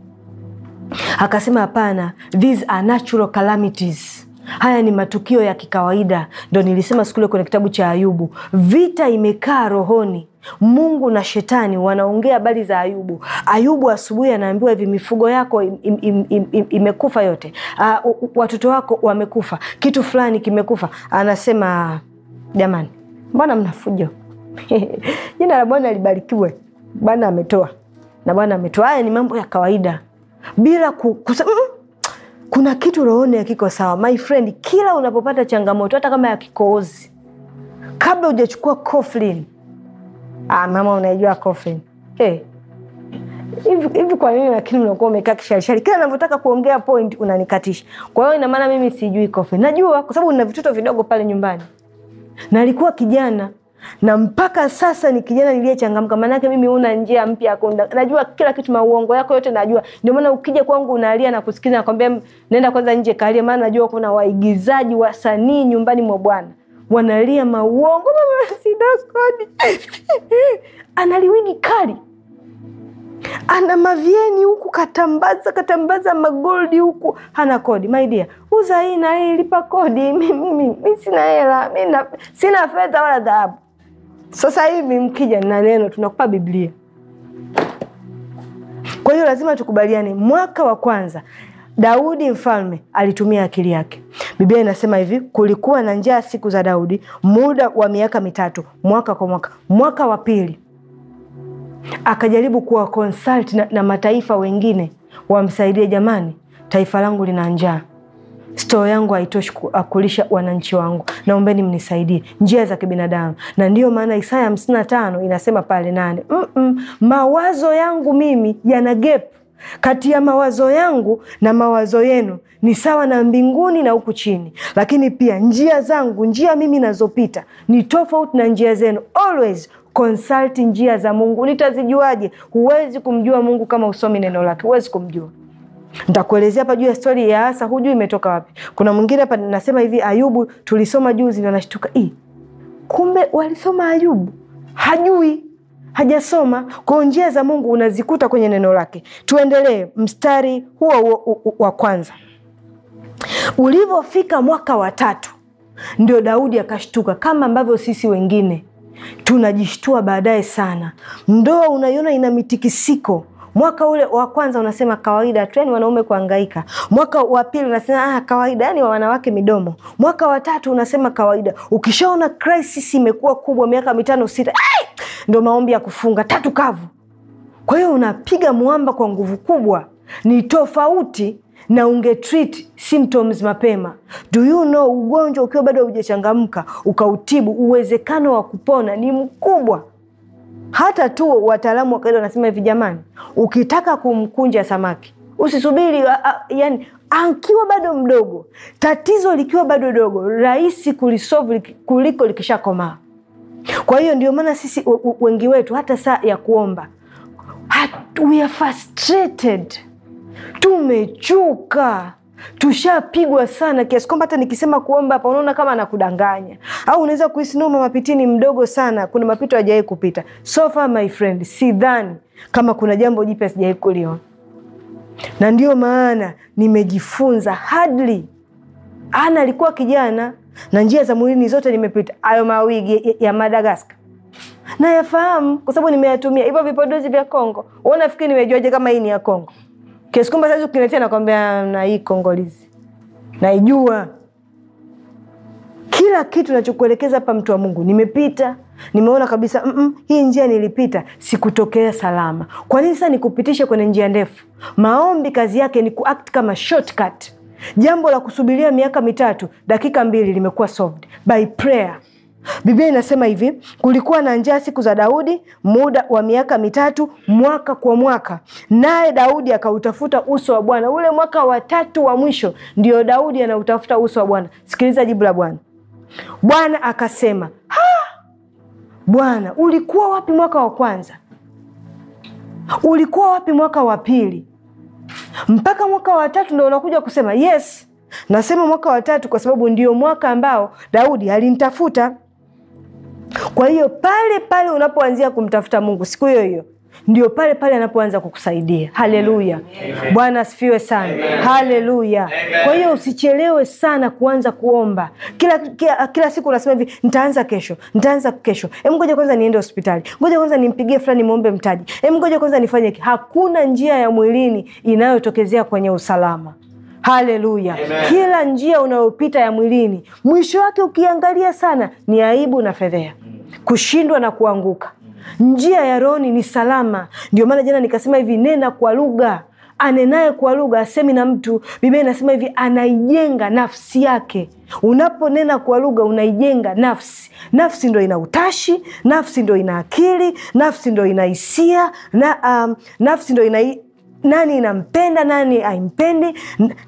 [SPEAKER 1] akasema, hapana, these are natural calamities Haya ni matukio ya kikawaida. Ndo nilisema siku ile kwenye kitabu cha Ayubu, vita imekaa rohoni. Mungu na shetani wanaongea habari za Ayubu. Ayubu asubuhi anaambiwa hivi, mifugo yako im, im, im, im, im, imekufa yote, ah, watoto wako wamekufa, kitu fulani kimekufa. Anasema jamani, mbona mnafujo? Jina la Bwana libarikiwe. Bwana ametoa na Bwana ametoa. Haya ni mambo ya kawaida bila ku, kusa, mm, kuna kitu rohoni hakiko sawa my friend. Kila unapopata changamoto hata kama ya kikohozi, kabla hujachukua Koflin Ah, mama unaijua coffin. Eh. Hey. Hivi kwa nini lakini unakuwa umekaa kishalishali? Kila ninavyotaka kuongea point unanikatisha. Kwa hiyo ina maana mimi sijui coffin. Najua kwa sababu nina vitoto vidogo pale nyumbani. Na alikuwa kijana na mpaka sasa ni kijana niliyechangamka, Maana yake mimi una njia mpya kunda. Najua kila kitu, mauongo yako yote najua. Ndio maana ukija kwangu unalia na kusikiza, nakwambia nenda kwanza nje kalia, maana najua kuna waigizaji wasanii nyumbani mwa bwana wanalia mauongo, mama sina kodi. Analiwigi kali, ana mavyeni huku, katambaza katambaza magoldi huku, hana kodi. My dear, uza hii na hii, lipa kodi. Mimi sina hela, sina fedha wala dhahabu. Sasa hivi mkija na neno, tunakupa Biblia. Kwa hiyo lazima tukubaliane, mwaka wa kwanza Daudi mfalme alitumia akili yake. Biblia inasema hivi, kulikuwa na njaa siku za Daudi muda wa miaka mitatu, mwaka kwa mwaka. Mwaka wa pili akajaribu kuwa consult na, na mataifa wengine wamsaidie, jamani, taifa langu lina njaa stoo yangu haitoshi kulisha wananchi wangu, naombeni mnisaidie, njia za kibinadamu. Na ndiyo maana Isaya hamsini tano inasema pale nane, mm -mm, mawazo yangu mimi yana gepu kati ya mawazo yangu na mawazo yenu ni sawa na mbinguni na huku chini, lakini pia njia zangu, njia mimi nazopita ni tofauti na njia zenu. Always consult njia za Mungu. Nitazijuaje? Huwezi kumjua Mungu kama usomi neno lake, huwezi kumjua. Ntakuelezea hapa juu ya stori ya Asa, hujui imetoka wapi. Kuna mwingine hapa nasema hivi, Ayubu tulisoma juzi, ndo nashtuka, kumbe walisoma Ayubu hajui hajasoma. Kwa njia za Mungu unazikuta kwenye neno lake. Tuendelee mstari huo wa kwanza. Ulivyofika mwaka wa tatu, ndio Daudi akashtuka, kama ambavyo sisi wengine tunajishtua baadaye sana. Ndoa unaiona ina mitikisiko Mwaka ule wa kwanza unasema kawaida tu, yani wanaume kuangaika. Mwaka wa pili unasema ah, kawaida, yani wa wanawake midomo. Mwaka wa tatu unasema kawaida. Ukishaona crisis imekuwa kubwa, miaka mitano sita, hey! ndo maombi ya kufunga tatu kavu. Kwa hiyo unapiga mwamba kwa nguvu kubwa, ni tofauti na treat symptoms mapema. Do you know, ugonjwa ukiwa bado haujachangamka ukautibu, uwezekano wa kupona ni mkubwa. Hata tu wataalamu wa kawaida wanasema hivi, jamani, ukitaka kumkunja samaki usisubiri yani akiwa bado mdogo, tatizo likiwa bado dogo, rahisi kulisovu kuliko likishakomaa. Kwa hiyo ndio maana sisi wengi wetu hata saa ya kuomba we are frustrated, tushapigwa sana kiasi kwamba hata nikisema kuomba hapa unaona kama nakudanganya, au unaweza kuhisi noma mama ni mdogo sana, kuna mapito ajawai kupita. So far my friend, sidhani kama kuna jambo jipya sijawai kuliona, na ndio maana nimejifunza hadli Ana alikuwa kijana na njia za mwilini zote nimepita, ayo mawigi ya madagaska nayafahamu kwa sababu nimeyatumia. Hivyo vipodozi vya Kongo, unafikiri nimejuaje kama hii ni ya Kongo? Kiasi kwamba sasa ukiniletea nakwambia na hii kongolizi Naijua. Kila kitu nachokuelekeza hapa mtu wa Mungu nimepita. Nimeona kabisa mm -mm, hii njia nilipita sikutokea salama. Kwa nini sasa nikupitishe kwenye njia ndefu? Maombi kazi yake ni kuact kama shortcut. Jambo la kusubiria miaka mitatu, dakika mbili limekuwa solved by prayer. Biblia inasema hivi, kulikuwa na njaa siku za Daudi muda wa miaka mitatu mwaka kwa mwaka, naye Daudi akautafuta uso wa Bwana. Ule mwaka wa tatu wa mwisho ndio Daudi anautafuta uso wa Bwana. Sikiliza jibu la Bwana. Bwana akasema, ha! Bwana ulikuwa wapi mwaka wa kwanza? Ulikuwa wapi mwaka wa pili? Mpaka mwaka wa tatu ndo unakuja kusema yes. Nasema mwaka wa tatu kwa sababu ndio mwaka ambao Daudi alinitafuta. Kwa hiyo pale pale unapoanzia kumtafuta Mungu siku hiyo hiyo ndio pale pale anapoanza kukusaidia. Haleluya, Bwana asifiwe sana. Haleluya. Kwa hiyo usichelewe sana kuanza kuomba. Kila, kila, kila siku unasema hivi, nitaanza kesho, nitaanza kesho. Em, ngoja kwanza niende hospitali, ngoja kwanza nimpigie fulani mwombe mtaji, em, ngoja kwanza nifanye. Hakuna njia ya mwilini inayotokezea kwenye usalama. Haleluya! Kila njia unayopita ya mwilini mwisho wake ukiangalia sana ni aibu na fedheha, kushindwa na kuanguka. Njia ya rohoni ni salama. Ndio maana jana nikasema hivi, nena kwa lugha anenaye kwa lugha asemi na mtu. Biblia inasema hivi, anaijenga nafsi yake. Unaponena kwa lugha unaijenga nafsi. Nafsi ndo ina utashi, nafsi ndo ina akili, nafsi ndo ina hisia na, um, nafsi ndo ina nani inampenda nani aimpendi.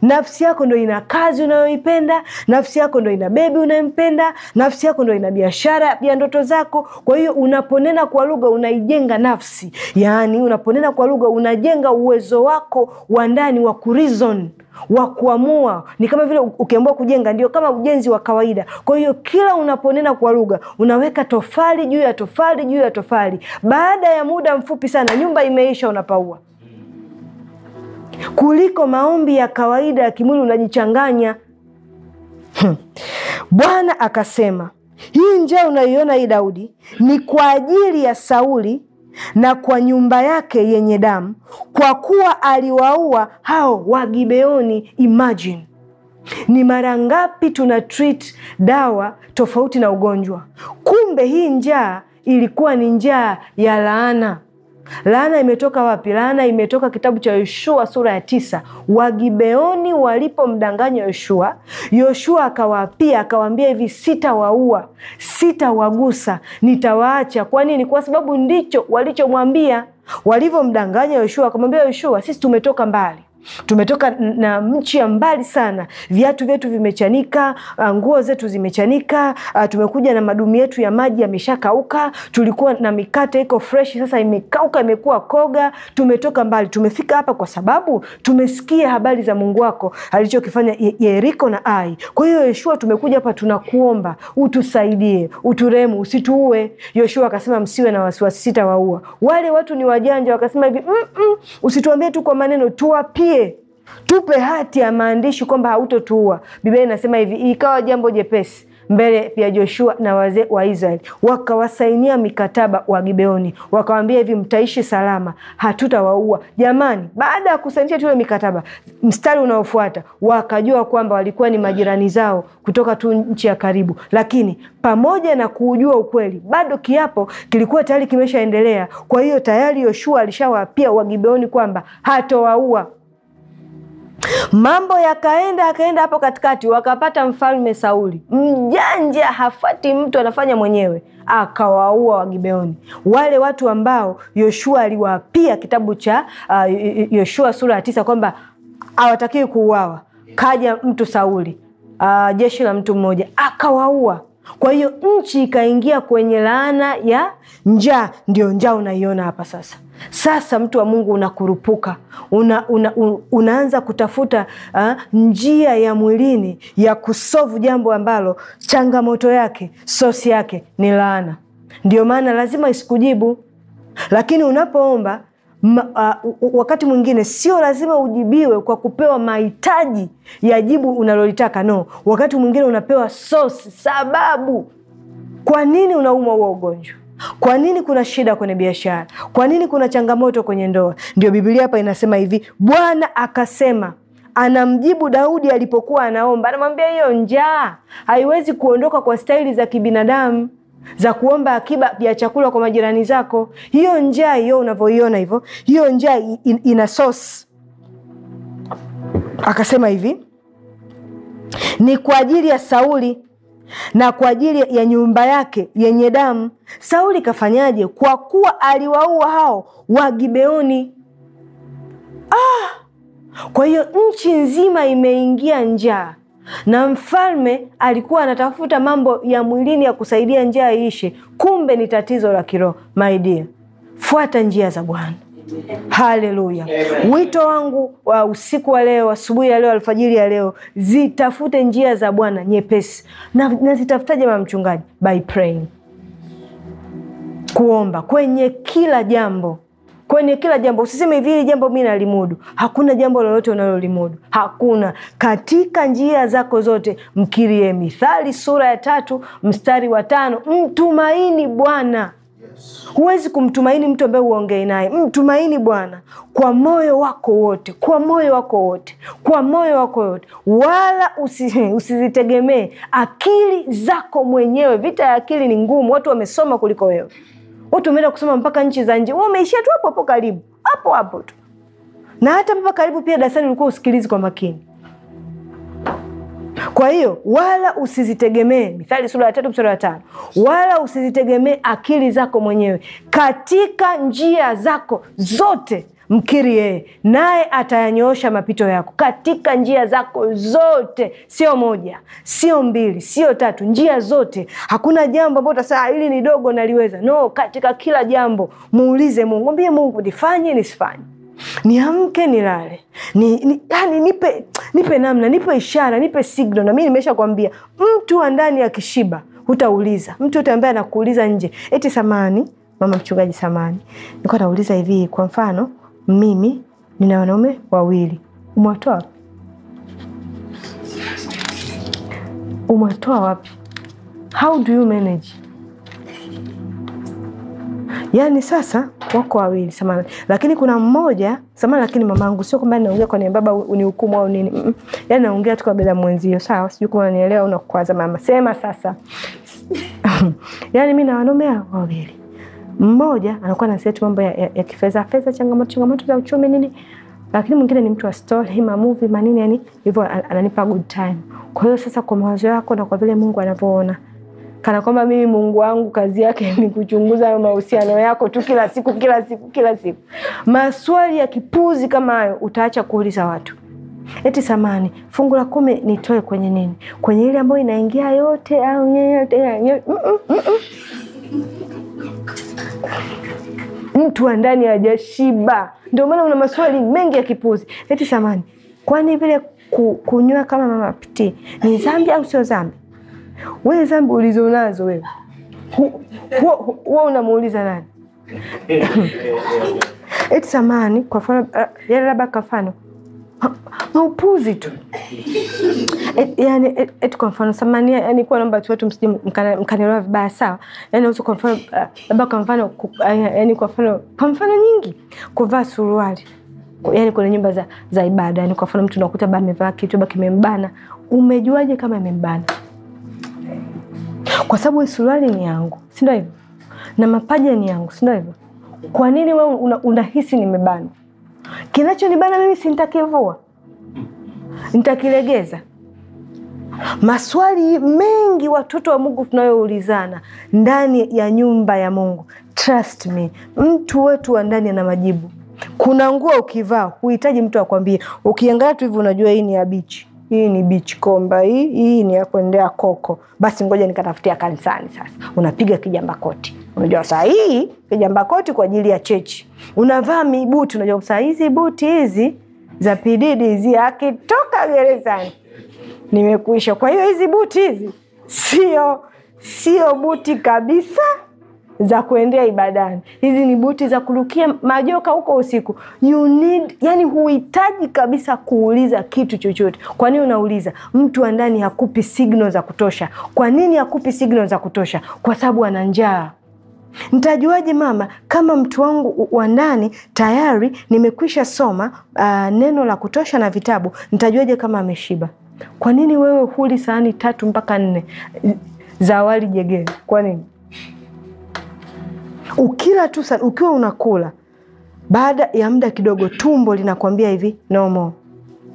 [SPEAKER 1] Nafsi yako ndo ina kazi unayoipenda, nafsi yako ndo ina bebi unayempenda, nafsi yako ndo ina biashara ya ndoto zako. Kwa hiyo unaponena kwa lugha unaijenga nafsi, yaani unaponena kwa lugha unajenga uwezo wako wa ndani wa kurizon wa kuamua. Ni kama vile ukiamua kujenga, ndio kama ujenzi wa kawaida. Kwa hiyo kila unaponena kwa lugha unaweka tofali juu ya tofali juu ya tofali. Baada ya muda mfupi sana, nyumba imeisha, unapaua kuliko maombi ya kawaida ya kimwili, unajichanganya. Hmm. Bwana akasema, hii njaa unayoiona hii Daudi ni kwa ajili ya Sauli na kwa nyumba yake yenye damu, kwa kuwa aliwaua hao Wagibeoni. Imagine ni mara ngapi tuna treat dawa tofauti na ugonjwa. Kumbe hii njaa ilikuwa ni njaa ya laana. Laana imetoka wapi? Laana imetoka kitabu cha Yoshua sura ya tisa. Wagibeoni walipomdanganya Yoshua, Yoshua akawaapia akawaambia hivi, sitawaua, sitawagusa, nitawaacha. Kwa nini? Kwa sababu ndicho walichomwambia. Walivyomdanganya Yoshua, akamwambia Yoshua, sisi tumetoka mbali Tumetoka na mchi ya mbali sana, viatu vyetu vimechanika, ah, nguo zetu zimechanika, ah, tumekuja na madumu yetu ya maji yameshakauka. Tulikuwa na mikate iko freshi, sasa imekauka, imekuwa koga. Tumetoka mbali, tumefika hapa kwa sababu tumesikia habari za Mungu wako alichokifanya Yeriko na Ai. Kwa hiyo Yoshua, tumekuja hapa, tunakuomba utusaidie, uturehemu, usituue. Yoshua akasema msiwe na wasiwasi, sitawaua. Wale watu ni wajanja, wakasema hivi mm -mm, usituambie tu kwa maneno, tuwapie tuambie, tupe hati ya maandishi kwamba hautotuua. Biblia inasema hivi, ikawa jambo jepesi mbele ya Joshua na wazee wa Israeli, wakawasainia mikataba wa Gibeoni, wakawambia hivi, mtaishi salama, hatutawaua. Jamani, baada ya kusainisha tule mikataba, mstari unaofuata wakajua kwamba walikuwa ni majirani zao kutoka tu nchi ya karibu, lakini pamoja na kuujua ukweli, bado kiapo kilikuwa tayari kimeshaendelea. Kwa hiyo tayari Yoshua alishawaapia Wagibeoni kwamba hatowaua. Mambo yakaenda yakaenda, hapo katikati wakapata mfalme Sauli mjanja, hafati mtu, anafanya mwenyewe, akawaua Wagibeoni, wale watu ambao Yoshua aliwapia kitabu cha uh, Yoshua sura ya tisa kwamba hawatakiwi kuuawa. Kaja mtu Sauli, uh, jeshi la mtu mmoja, akawaua. Kwa hiyo nchi ikaingia kwenye laana ya njaa. Ndio njaa unaiona hapa sasa. Sasa mtu wa Mungu unakurupuka, una, una, un, unaanza kutafuta ha, ah, njia ya mwilini ya kusovu jambo ambalo changamoto yake sosi yake ni laana. Ndio maana lazima isikujibu. Lakini unapoomba ma, uh, wakati mwingine sio lazima ujibiwe kwa kupewa mahitaji ya jibu unalolitaka no. Wakati mwingine unapewa sosi, sababu kwa nini unaumwa huo ugonjwa kwa nini kuna shida kwenye biashara? Kwa nini kuna changamoto kwenye ndoa? Ndio Biblia hapa inasema hivi, Bwana akasema anamjibu Daudi alipokuwa anaomba, anamwambia hiyo njaa haiwezi kuondoka kwa staili za kibinadamu za kuomba akiba ya chakula kwa majirani zako. Hiyo njaa hiyo unavyoiona hivyo, hiyo njaa in, ina source. Akasema hivi, ni kwa ajili ya Sauli na kwa ajili ya nyumba yake yenye damu. Sauli kafanyaje? Kwa kuwa aliwaua hao wa Gibeoni. Ah! Kwa hiyo nchi nzima imeingia njaa na mfalme alikuwa anatafuta mambo ya mwilini ya kusaidia njaa iishe, kumbe ni tatizo la kiroho. My dear, fuata njia za Bwana. Haleluya! Wito wangu wa usiku wa leo, asubuhi ya leo, alfajiri ya leo, zitafute njia za Bwana nyepesi. Na, na zitafutaje mama mchungaji? By praying, kuomba kwenye kila jambo kwenye kila jambo. Usiseme hivi, hili jambo mi nalimudu. Hakuna jambo lolote unalolimudu, hakuna. Katika njia zako zote mkirie. Mithali sura ya tatu mstari wa tano mtumaini Bwana Huwezi kumtumaini mtu ambaye uongee naye. Mtumaini Bwana kwa moyo wako wote, kwa moyo wako wote, kwa moyo wako wote, wala usizitegemee akili zako mwenyewe. Vita ya akili ni ngumu, watu wamesoma kuliko wewe, watu wameenda kusoma mpaka nchi za nje. Wewe umeishia tu hapo hapo karibu, hapo hapo tu, na hata mpaka karibu pia darasani ulikuwa usikilizi kwa makini. Kwa hiyo wala usizitegemee, Mithali sura ya tatu mstari wa tano, wala usizitegemee akili zako mwenyewe, katika njia zako zote mkiri yeye naye atayanyoosha mapito yako. Katika njia zako zote, sio moja, sio mbili, sio tatu, njia zote. Hakuna jambo ambao utasema ah, hili ni dogo naliweza. No, katika kila jambo muulize Mungu, mwambie Mungu nifanye nisifanye niamke nilale ni, ni, yani nipe nipe namna nipe ishara nipe signal na mi nimesha kwambia mtu wa ndani ya kishiba hutauliza mtu yote ambaye anakuuliza nje eti samani mama mchungaji samani nikuwa nauliza hivi kwa mfano mimi nina wanaume wawili umewatoa wapi umewatoa wapi how do you manage Yaani sasa wako wawili samani, lakini kuna mmoja samani, lakini mamangu, sio kwamba naongea kwa niaba baba unihukumu au nini mm -mm. Yaani naongea tu kwa bila mwenzio, sawa? Sijui kama unanielewa au nakukwaza mama, sema sasa yaani mimi na wanaume wawili, mmoja anakuwa na set mambo ya, ya, ya kifedha fedha, changamoto changamoto za uchumi nini, lakini mwingine ni mtu wa story ma movie manini, yani hivyo ananipa good time. Kwa hiyo sasa, kwa mawazo yako na kwa vile Mungu anavyoona kana kwamba mimi Mungu wangu kazi yake ni kuchunguza mahusiano yako tu kila siku kila siku kila siku. Maswali ya kipuzi kama hayo utaacha kuuliza watu. Eti samani, fungu la kumi nitoe kwenye nini? Kwenye ile ambayo inaingia yote au yote, mm, mm, mm, Mtu wa ndani hajashiba, ndio maana una maswali mengi ya kipuzi. Eti samani, kwani vile kunywa kama mama ni dhambi au sio dhambi? wewe zambi ulizo nazo wewe huwa unamuuliza nani? Eti samani kwa mfano uh, eh, yale labda kwa kafano maupuzi tu et, yani eti et, kwa mfano samani yani kuwa naomba tu watu msije mkanielewa vibaya sawa yani uso kwa mfano eh, labda kwa mfano eh, yani kwa mfano kwa mfano nyingi kuvaa suruali yani kwenye nyumba za, za ibada yani kwa mfano mtu unakuta ba amevaa kitu ba kimembana umejuaje kama imembana kwa sababu suruali ni yangu, si ndio hivyo? Na mapaja ni yangu, si ndio hivyo? Kwa nini wewe unahisi una nimebana? Kinachonibana mimi si nitakivua, nitakilegeza. Maswali mengi watoto wa Mungu tunayoulizana ndani ya nyumba ya Mungu, trust me, mtu wetu wa ndani ana majibu. Kuna nguo ukivaa huhitaji mtu akwambie. Ukiangalia tu hivi unajua hii ni ya bichi hii ni komba hii hii ni ya kuendea koko basi ngoja nikatafutia kanisani sasa unapiga kijambakoti unajua saa hii koti kwa ajili ya chechi unavaa mibuti unajua saa hizi buti hizi za pididi hizi akitoka gerezani nimekuisha kwa hiyo hizi buti hizi sio sio buti kabisa za kuendea ibadani, hizi ni buti za kurukia majoka huko usiku. You need, yani huhitaji kabisa kuuliza kitu chochote. Kwa nini unauliza? Mtu wa ndani hakupi signal za kutosha. Kwa nini hakupi signal za kutosha? Kwa sababu ana njaa. Ntajuaje mama kama mtu wangu wa ndani tayari nimekwisha soma uh, neno la kutosha na vitabu? ntajuaje kama ameshiba? Kwa nini wewe huli sahani tatu mpaka nne za wali jegere? Kwa nini? Ukila tu ukiwa unakula, baada ya muda kidogo, tumbo linakwambia hivi no more,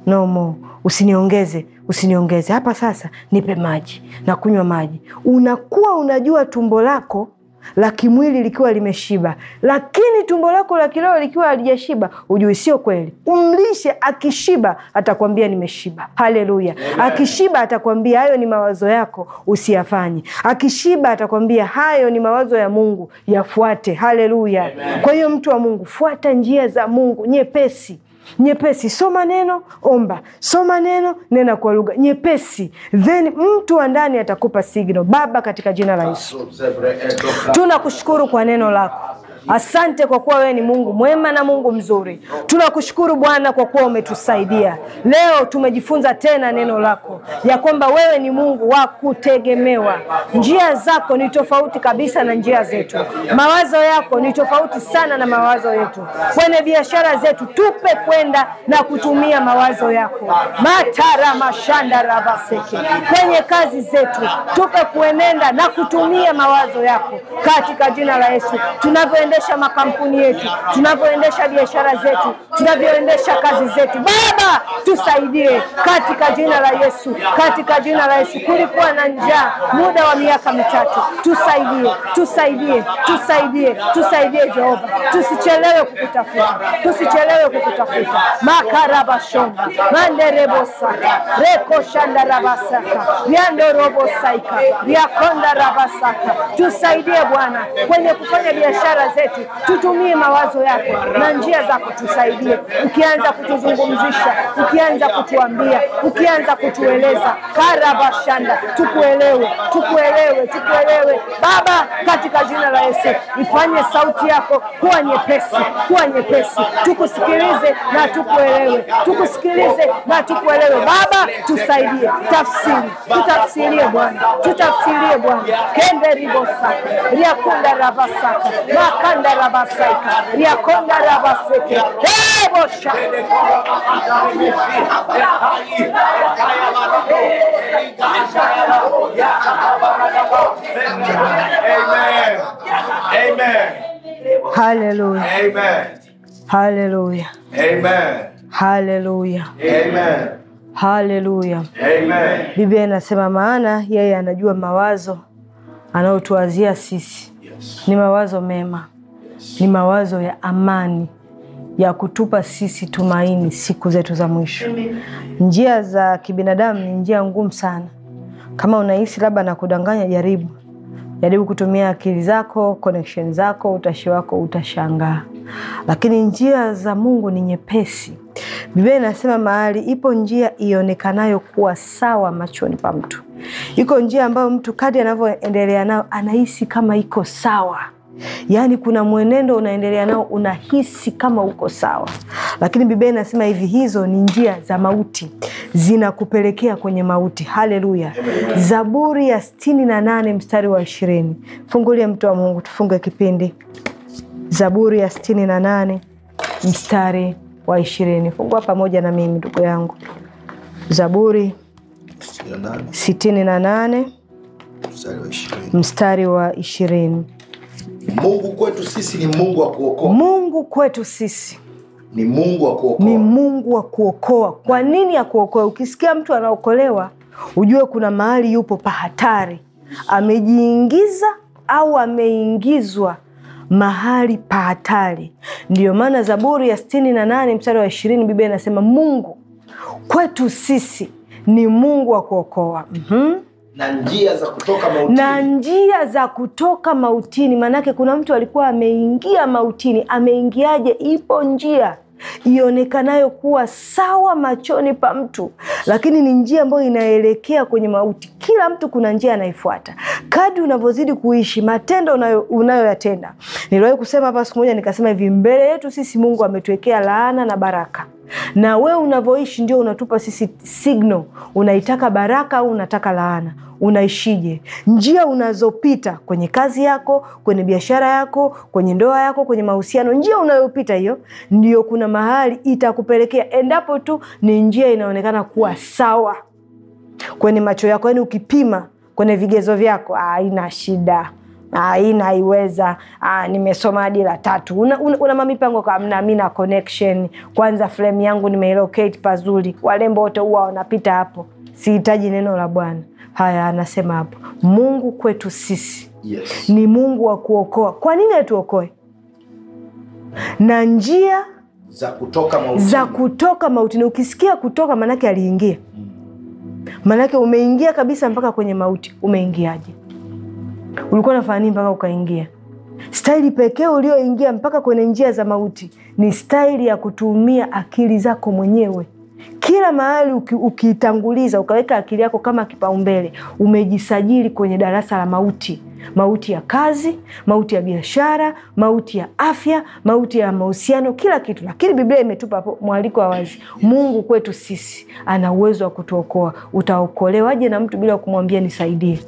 [SPEAKER 1] no more, usiniongeze usiniongeze hapa, sasa nipe maji na kunywa maji. Unakuwa unajua tumbo lako la kimwili likiwa limeshiba, lakini tumbo lako la kiroho likiwa halijashiba, ujui sio kweli. Umlishe, akishiba atakwambia nimeshiba. Haleluya! Akishiba atakwambia hayo ni mawazo yako, usiyafanye. Akishiba atakwambia hayo ni mawazo ya Mungu, yafuate. Haleluya! Kwa hiyo mtu wa Mungu, fuata njia za Mungu nyepesi nyepesi. Soma neno, omba, soma neno, nena kwa lugha nyepesi, then mtu wa ndani atakupa signo Baba, katika jina la ah, Yesu eh, eh, tunakushukuru kwa neno lako Asante kwa kuwa wewe ni Mungu mwema na Mungu mzuri. Tunakushukuru Bwana kwa kuwa umetusaidia leo. Tumejifunza tena neno lako ya kwamba wewe ni Mungu wa kutegemewa. Njia zako ni tofauti kabisa na njia zetu, mawazo yako ni tofauti sana na mawazo yetu. Kwenye biashara zetu tupe kwenda na kutumia mawazo yako matara mashanda rabaseke. Kwenye kazi zetu tupe kuenenda na kutumia mawazo yako katika jina la Yesu tunavyoenda tunavyoendesha makampuni yetu, tunavyoendesha biashara zetu, tunavyoendesha kazi zetu. Baba, tusaidie katika jina la Yesu, katika jina la Yesu. Kulikuwa na njaa muda wa miaka mitatu, tusaidie, tusaidie, tusaidie, tusaidie Jehova, tusichelewe kukutafuta, tusichelewe kukutafuta. makarabashonga manderebosaka rekoshandarabasaka ryandorobosaika ryakondarabasaka. Tusaidie Bwana kwenye kufanya biashara zetu yetu, tutumie mawazo yako na njia zako, tusaidie. Ukianza kutuzungumzisha, ukianza kutuambia, ukianza kutueleza, shanda, tukuelewe, tukuelewe, tukuelewe Baba, katika jina la Yesu, ifanye sauti yako kuwa nyepesi, kuwa nyepesi, tukusikilize na tukuelewe, tukusikilize na tukuelewe Baba, tusaidie, tafsiri, tutafsirie Bwana, tutafsirie Bwana, kende ribo riakunda rabasaka maka Riakonda rabasaika. Amen. Amen. Hallelujah. Amen. Hallelujah. Amen. Hallelujah. Amen. Amen. Biblia inasema maana yeye anajua mawazo anayotuwazia sisi. Yes. Ni mawazo mema ni mawazo ya amani ya kutupa sisi tumaini siku zetu za mwisho. Njia za kibinadamu ni njia ngumu sana. Kama unahisi labda na kudanganya jaribu jaribu kutumia akili zako, connection zako, utashi wako, utashangaa. Lakini njia za Mungu ni nyepesi. Biblia inasema mahali ipo njia ionekanayo kuwa sawa machoni pa mtu, iko njia ambayo mtu kadi anavyoendelea nayo anahisi kama iko sawa yaani kuna mwenendo unaendelea nao, unahisi kama uko sawa, lakini Biblia inasema hivi, hizo ni njia za mauti zinakupelekea kwenye mauti. Haleluya! Zaburi ya sitini na nane mstari wa ishirini. Fungulie mtu wa Mungu, tufunge kipindi. Zaburi ya sitini na nane mstari wa ishirini. Fungua pamoja na mimi ndugu yangu, Zaburi sitini na nane mstari wa ishirini. Mungu kwetu sisi ni Mungu wa kuokoa. Mungu kwetu sisi ni Mungu wa kuokoa, ni Mungu wa kuokoa. Kwa nini akuokoe? Ukisikia mtu anaokolewa, ujue kuna mahali yupo pa hatari, amejiingiza au ameingizwa mahali pa hatari. Ndiyo maana Zaburi ya sitini na nane mstari wa ishirini Biblia inasema Mungu kwetu sisi ni Mungu wa kuokoa. mm -hmm na njia za kutoka mautini, na njia za kutoka mautini. Maanake kuna mtu alikuwa ameingia mautini. Ameingiaje? Ipo njia ionekanayo kuwa sawa machoni pa mtu, lakini ni njia ambayo inaelekea kwenye mauti. Kila mtu kuna njia anaifuata. Kadri unavyozidi kuishi, matendo unayoyatenda unayo. Niliwahi kusema hapa siku moja, nikasema hivi, mbele yetu sisi Mungu ametuwekea laana na baraka na wewe unavyoishi ndio unatupa sisi signal, unaitaka baraka au unataka laana, unaishije? Njia unazopita kwenye kazi yako, kwenye biashara yako, kwenye ndoa yako, kwenye mahusiano, njia unayopita hiyo ndio kuna mahali itakupelekea, endapo tu ni njia inaonekana kuwa sawa kwenye macho yako, yaani ukipima kwenye vigezo vyako, haina shida. Ah, hii naiweza, ah, nimesoma hadi la tatu. Una, una, una mamipango kamna, mi na connection kwanza, frame yangu nimeilocate pazuri, walembo wote huwa wanapita hapo, sihitaji neno la Bwana. Haya, anasema hapo Mungu kwetu sisi yes. ni Mungu wa kuokoa. Kwa nini atuokoe na njia za kutoka mautini, za kutoka mautini. Ukisikia kutoka, maanake aliingia, maanake mm. umeingia kabisa mpaka kwenye mauti. Umeingiaje? Ulikuwa unafanya nini mpaka ukaingia? Staili pekee ulioingia mpaka kwenye njia za mauti ni staili ya kutumia akili zako mwenyewe. Kila mahali ukiitanguliza, uki ukaweka akili yako kama kipaumbele, umejisajili kwenye darasa la mauti. Mauti ya kazi, mauti ya biashara, mauti ya afya, mauti ya mahusiano, kila kitu. Lakini Biblia imetupa mwaliko wa wazi, Mungu kwetu sisi ana uwezo wa kutuokoa. Utaokolewaje na mtu bila kumwambia nisaidie?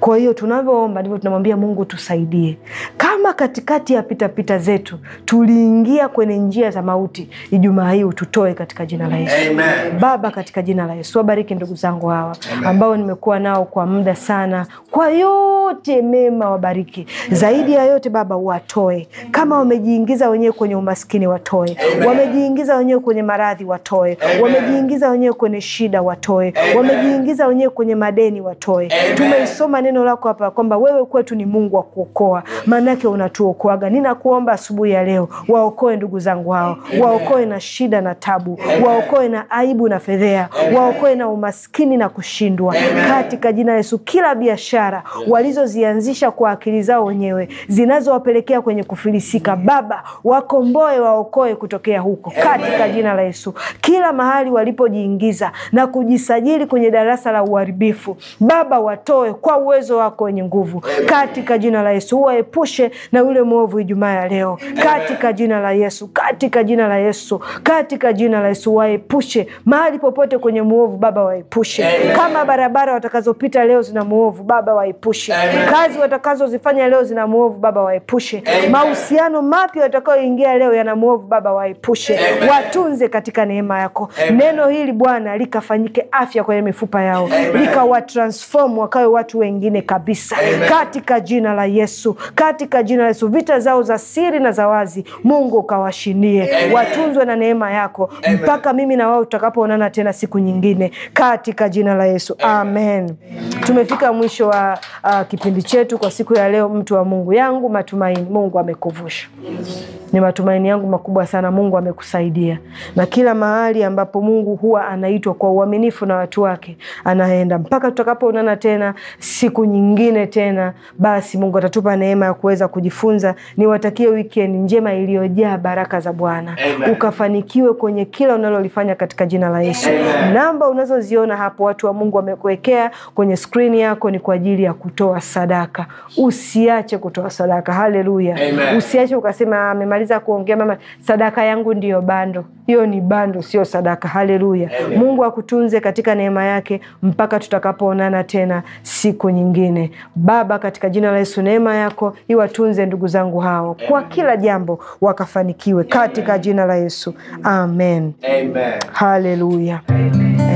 [SPEAKER 1] Kwa hiyo tunavyoomba ndivyo tunamwambia Mungu tusaidie. Kama katikati ya pitapita zetu tuliingia kwenye njia za mauti, Ijumaa hii ututoe katika jina la Yesu. Baba, katika jina la Yesu wabariki ndugu zangu hawa ambao nimekuwa nao kwa muda sana, kwa yote mema wabariki Amen. Zaidi ya yote Baba watoe, kama wamejiingiza wenyewe kwenye umaskini watoe, wamejiingiza wenyewe kwenye maradhi watoe, wamejiingiza wenyewe kwenye shida watoe, wamejiingiza wenyewe kwenye madeni watoe. Tumeisoma Simama neno lako hapa kwamba wewe kwetu ni Mungu wa kuokoa, maanake unatuokoaga. Ninakuomba asubuhi ya leo waokoe ndugu zangu hao, waokoe na shida na tabu, waokoe na aibu na fedhea, waokoe na umaskini na kushindwa, katika jina Yesu. Kila biashara walizozianzisha kwa akili zao wenyewe zinazowapelekea kwenye kufilisika, Baba wakomboe, waokoe kutokea huko, katika jina la Yesu. Kila mahali walipojiingiza na kujisajili kwenye darasa la uharibifu, Baba watoe kwa uwezo wako wenye nguvu, katika jina la Yesu. Uwaepushe na yule mwovu Ijumaa ya leo, katika jina la Yesu, katika jina la Yesu, katika jina la Yesu. Waepushe mahali popote kwenye mwovu, Baba waepushe. Kama barabara watakazopita leo zina mwovu, Baba waepushe. Kazi watakazozifanya leo zina mwovu, Baba waepushe. Mahusiano mapya watakayoingia leo yana mwovu, Baba waepushe. Watunze katika neema yako. Neno hili Bwana likafanyike afya kwenye mifupa yao, transform wakawe watu wengine kabisa Amen. Katika jina la Yesu, katika jina la Yesu, vita zao za siri na za wazi Mungu ukawashinie, watunzwe na neema yako Amen. Mpaka mimi na wao tutakapoonana tena siku nyingine, katika jina la Yesu Amen. Amen. Tumefika mwisho wa uh, kipindi chetu kwa siku ya leo. Mtu wa Mungu yangu matumaini, Mungu amekuvusha ni matumaini yangu makubwa sana. Mungu amekusaidia na kila mahali ambapo Mungu huwa anaitwa kwa uaminifu na watu wake anaenda. Mpaka tutakapoonana tena siku nyingine tena. Basi Mungu atatupa neema ya kuweza kujifunza. Niwatakie weekend njema iliyojaa baraka za Bwana, ukafanikiwe kwenye kila unalolifanya katika jina la Yesu. Namba unazoziona hapo, watu wa Mungu wamekuwekea kwenye skrini yako, ni kwa ajili ya kutoa sadaka. Usiache kutoa sadaka. Haleluya! Usiache ukasema, amemaliza kuongea mama, sadaka yangu ndiyo bando. Hiyo ni bando, sio sadaka. Haleluya! Mungu akutunze katika neema yake mpaka tutakapoonana tena siku siku nyingine. Baba, katika jina la Yesu, neema yako iwatunze ndugu zangu hao Amen. Kwa kila jambo wakafanikiwe katika Amen. jina la Yesu Amen. Amen. Haleluya. Amen.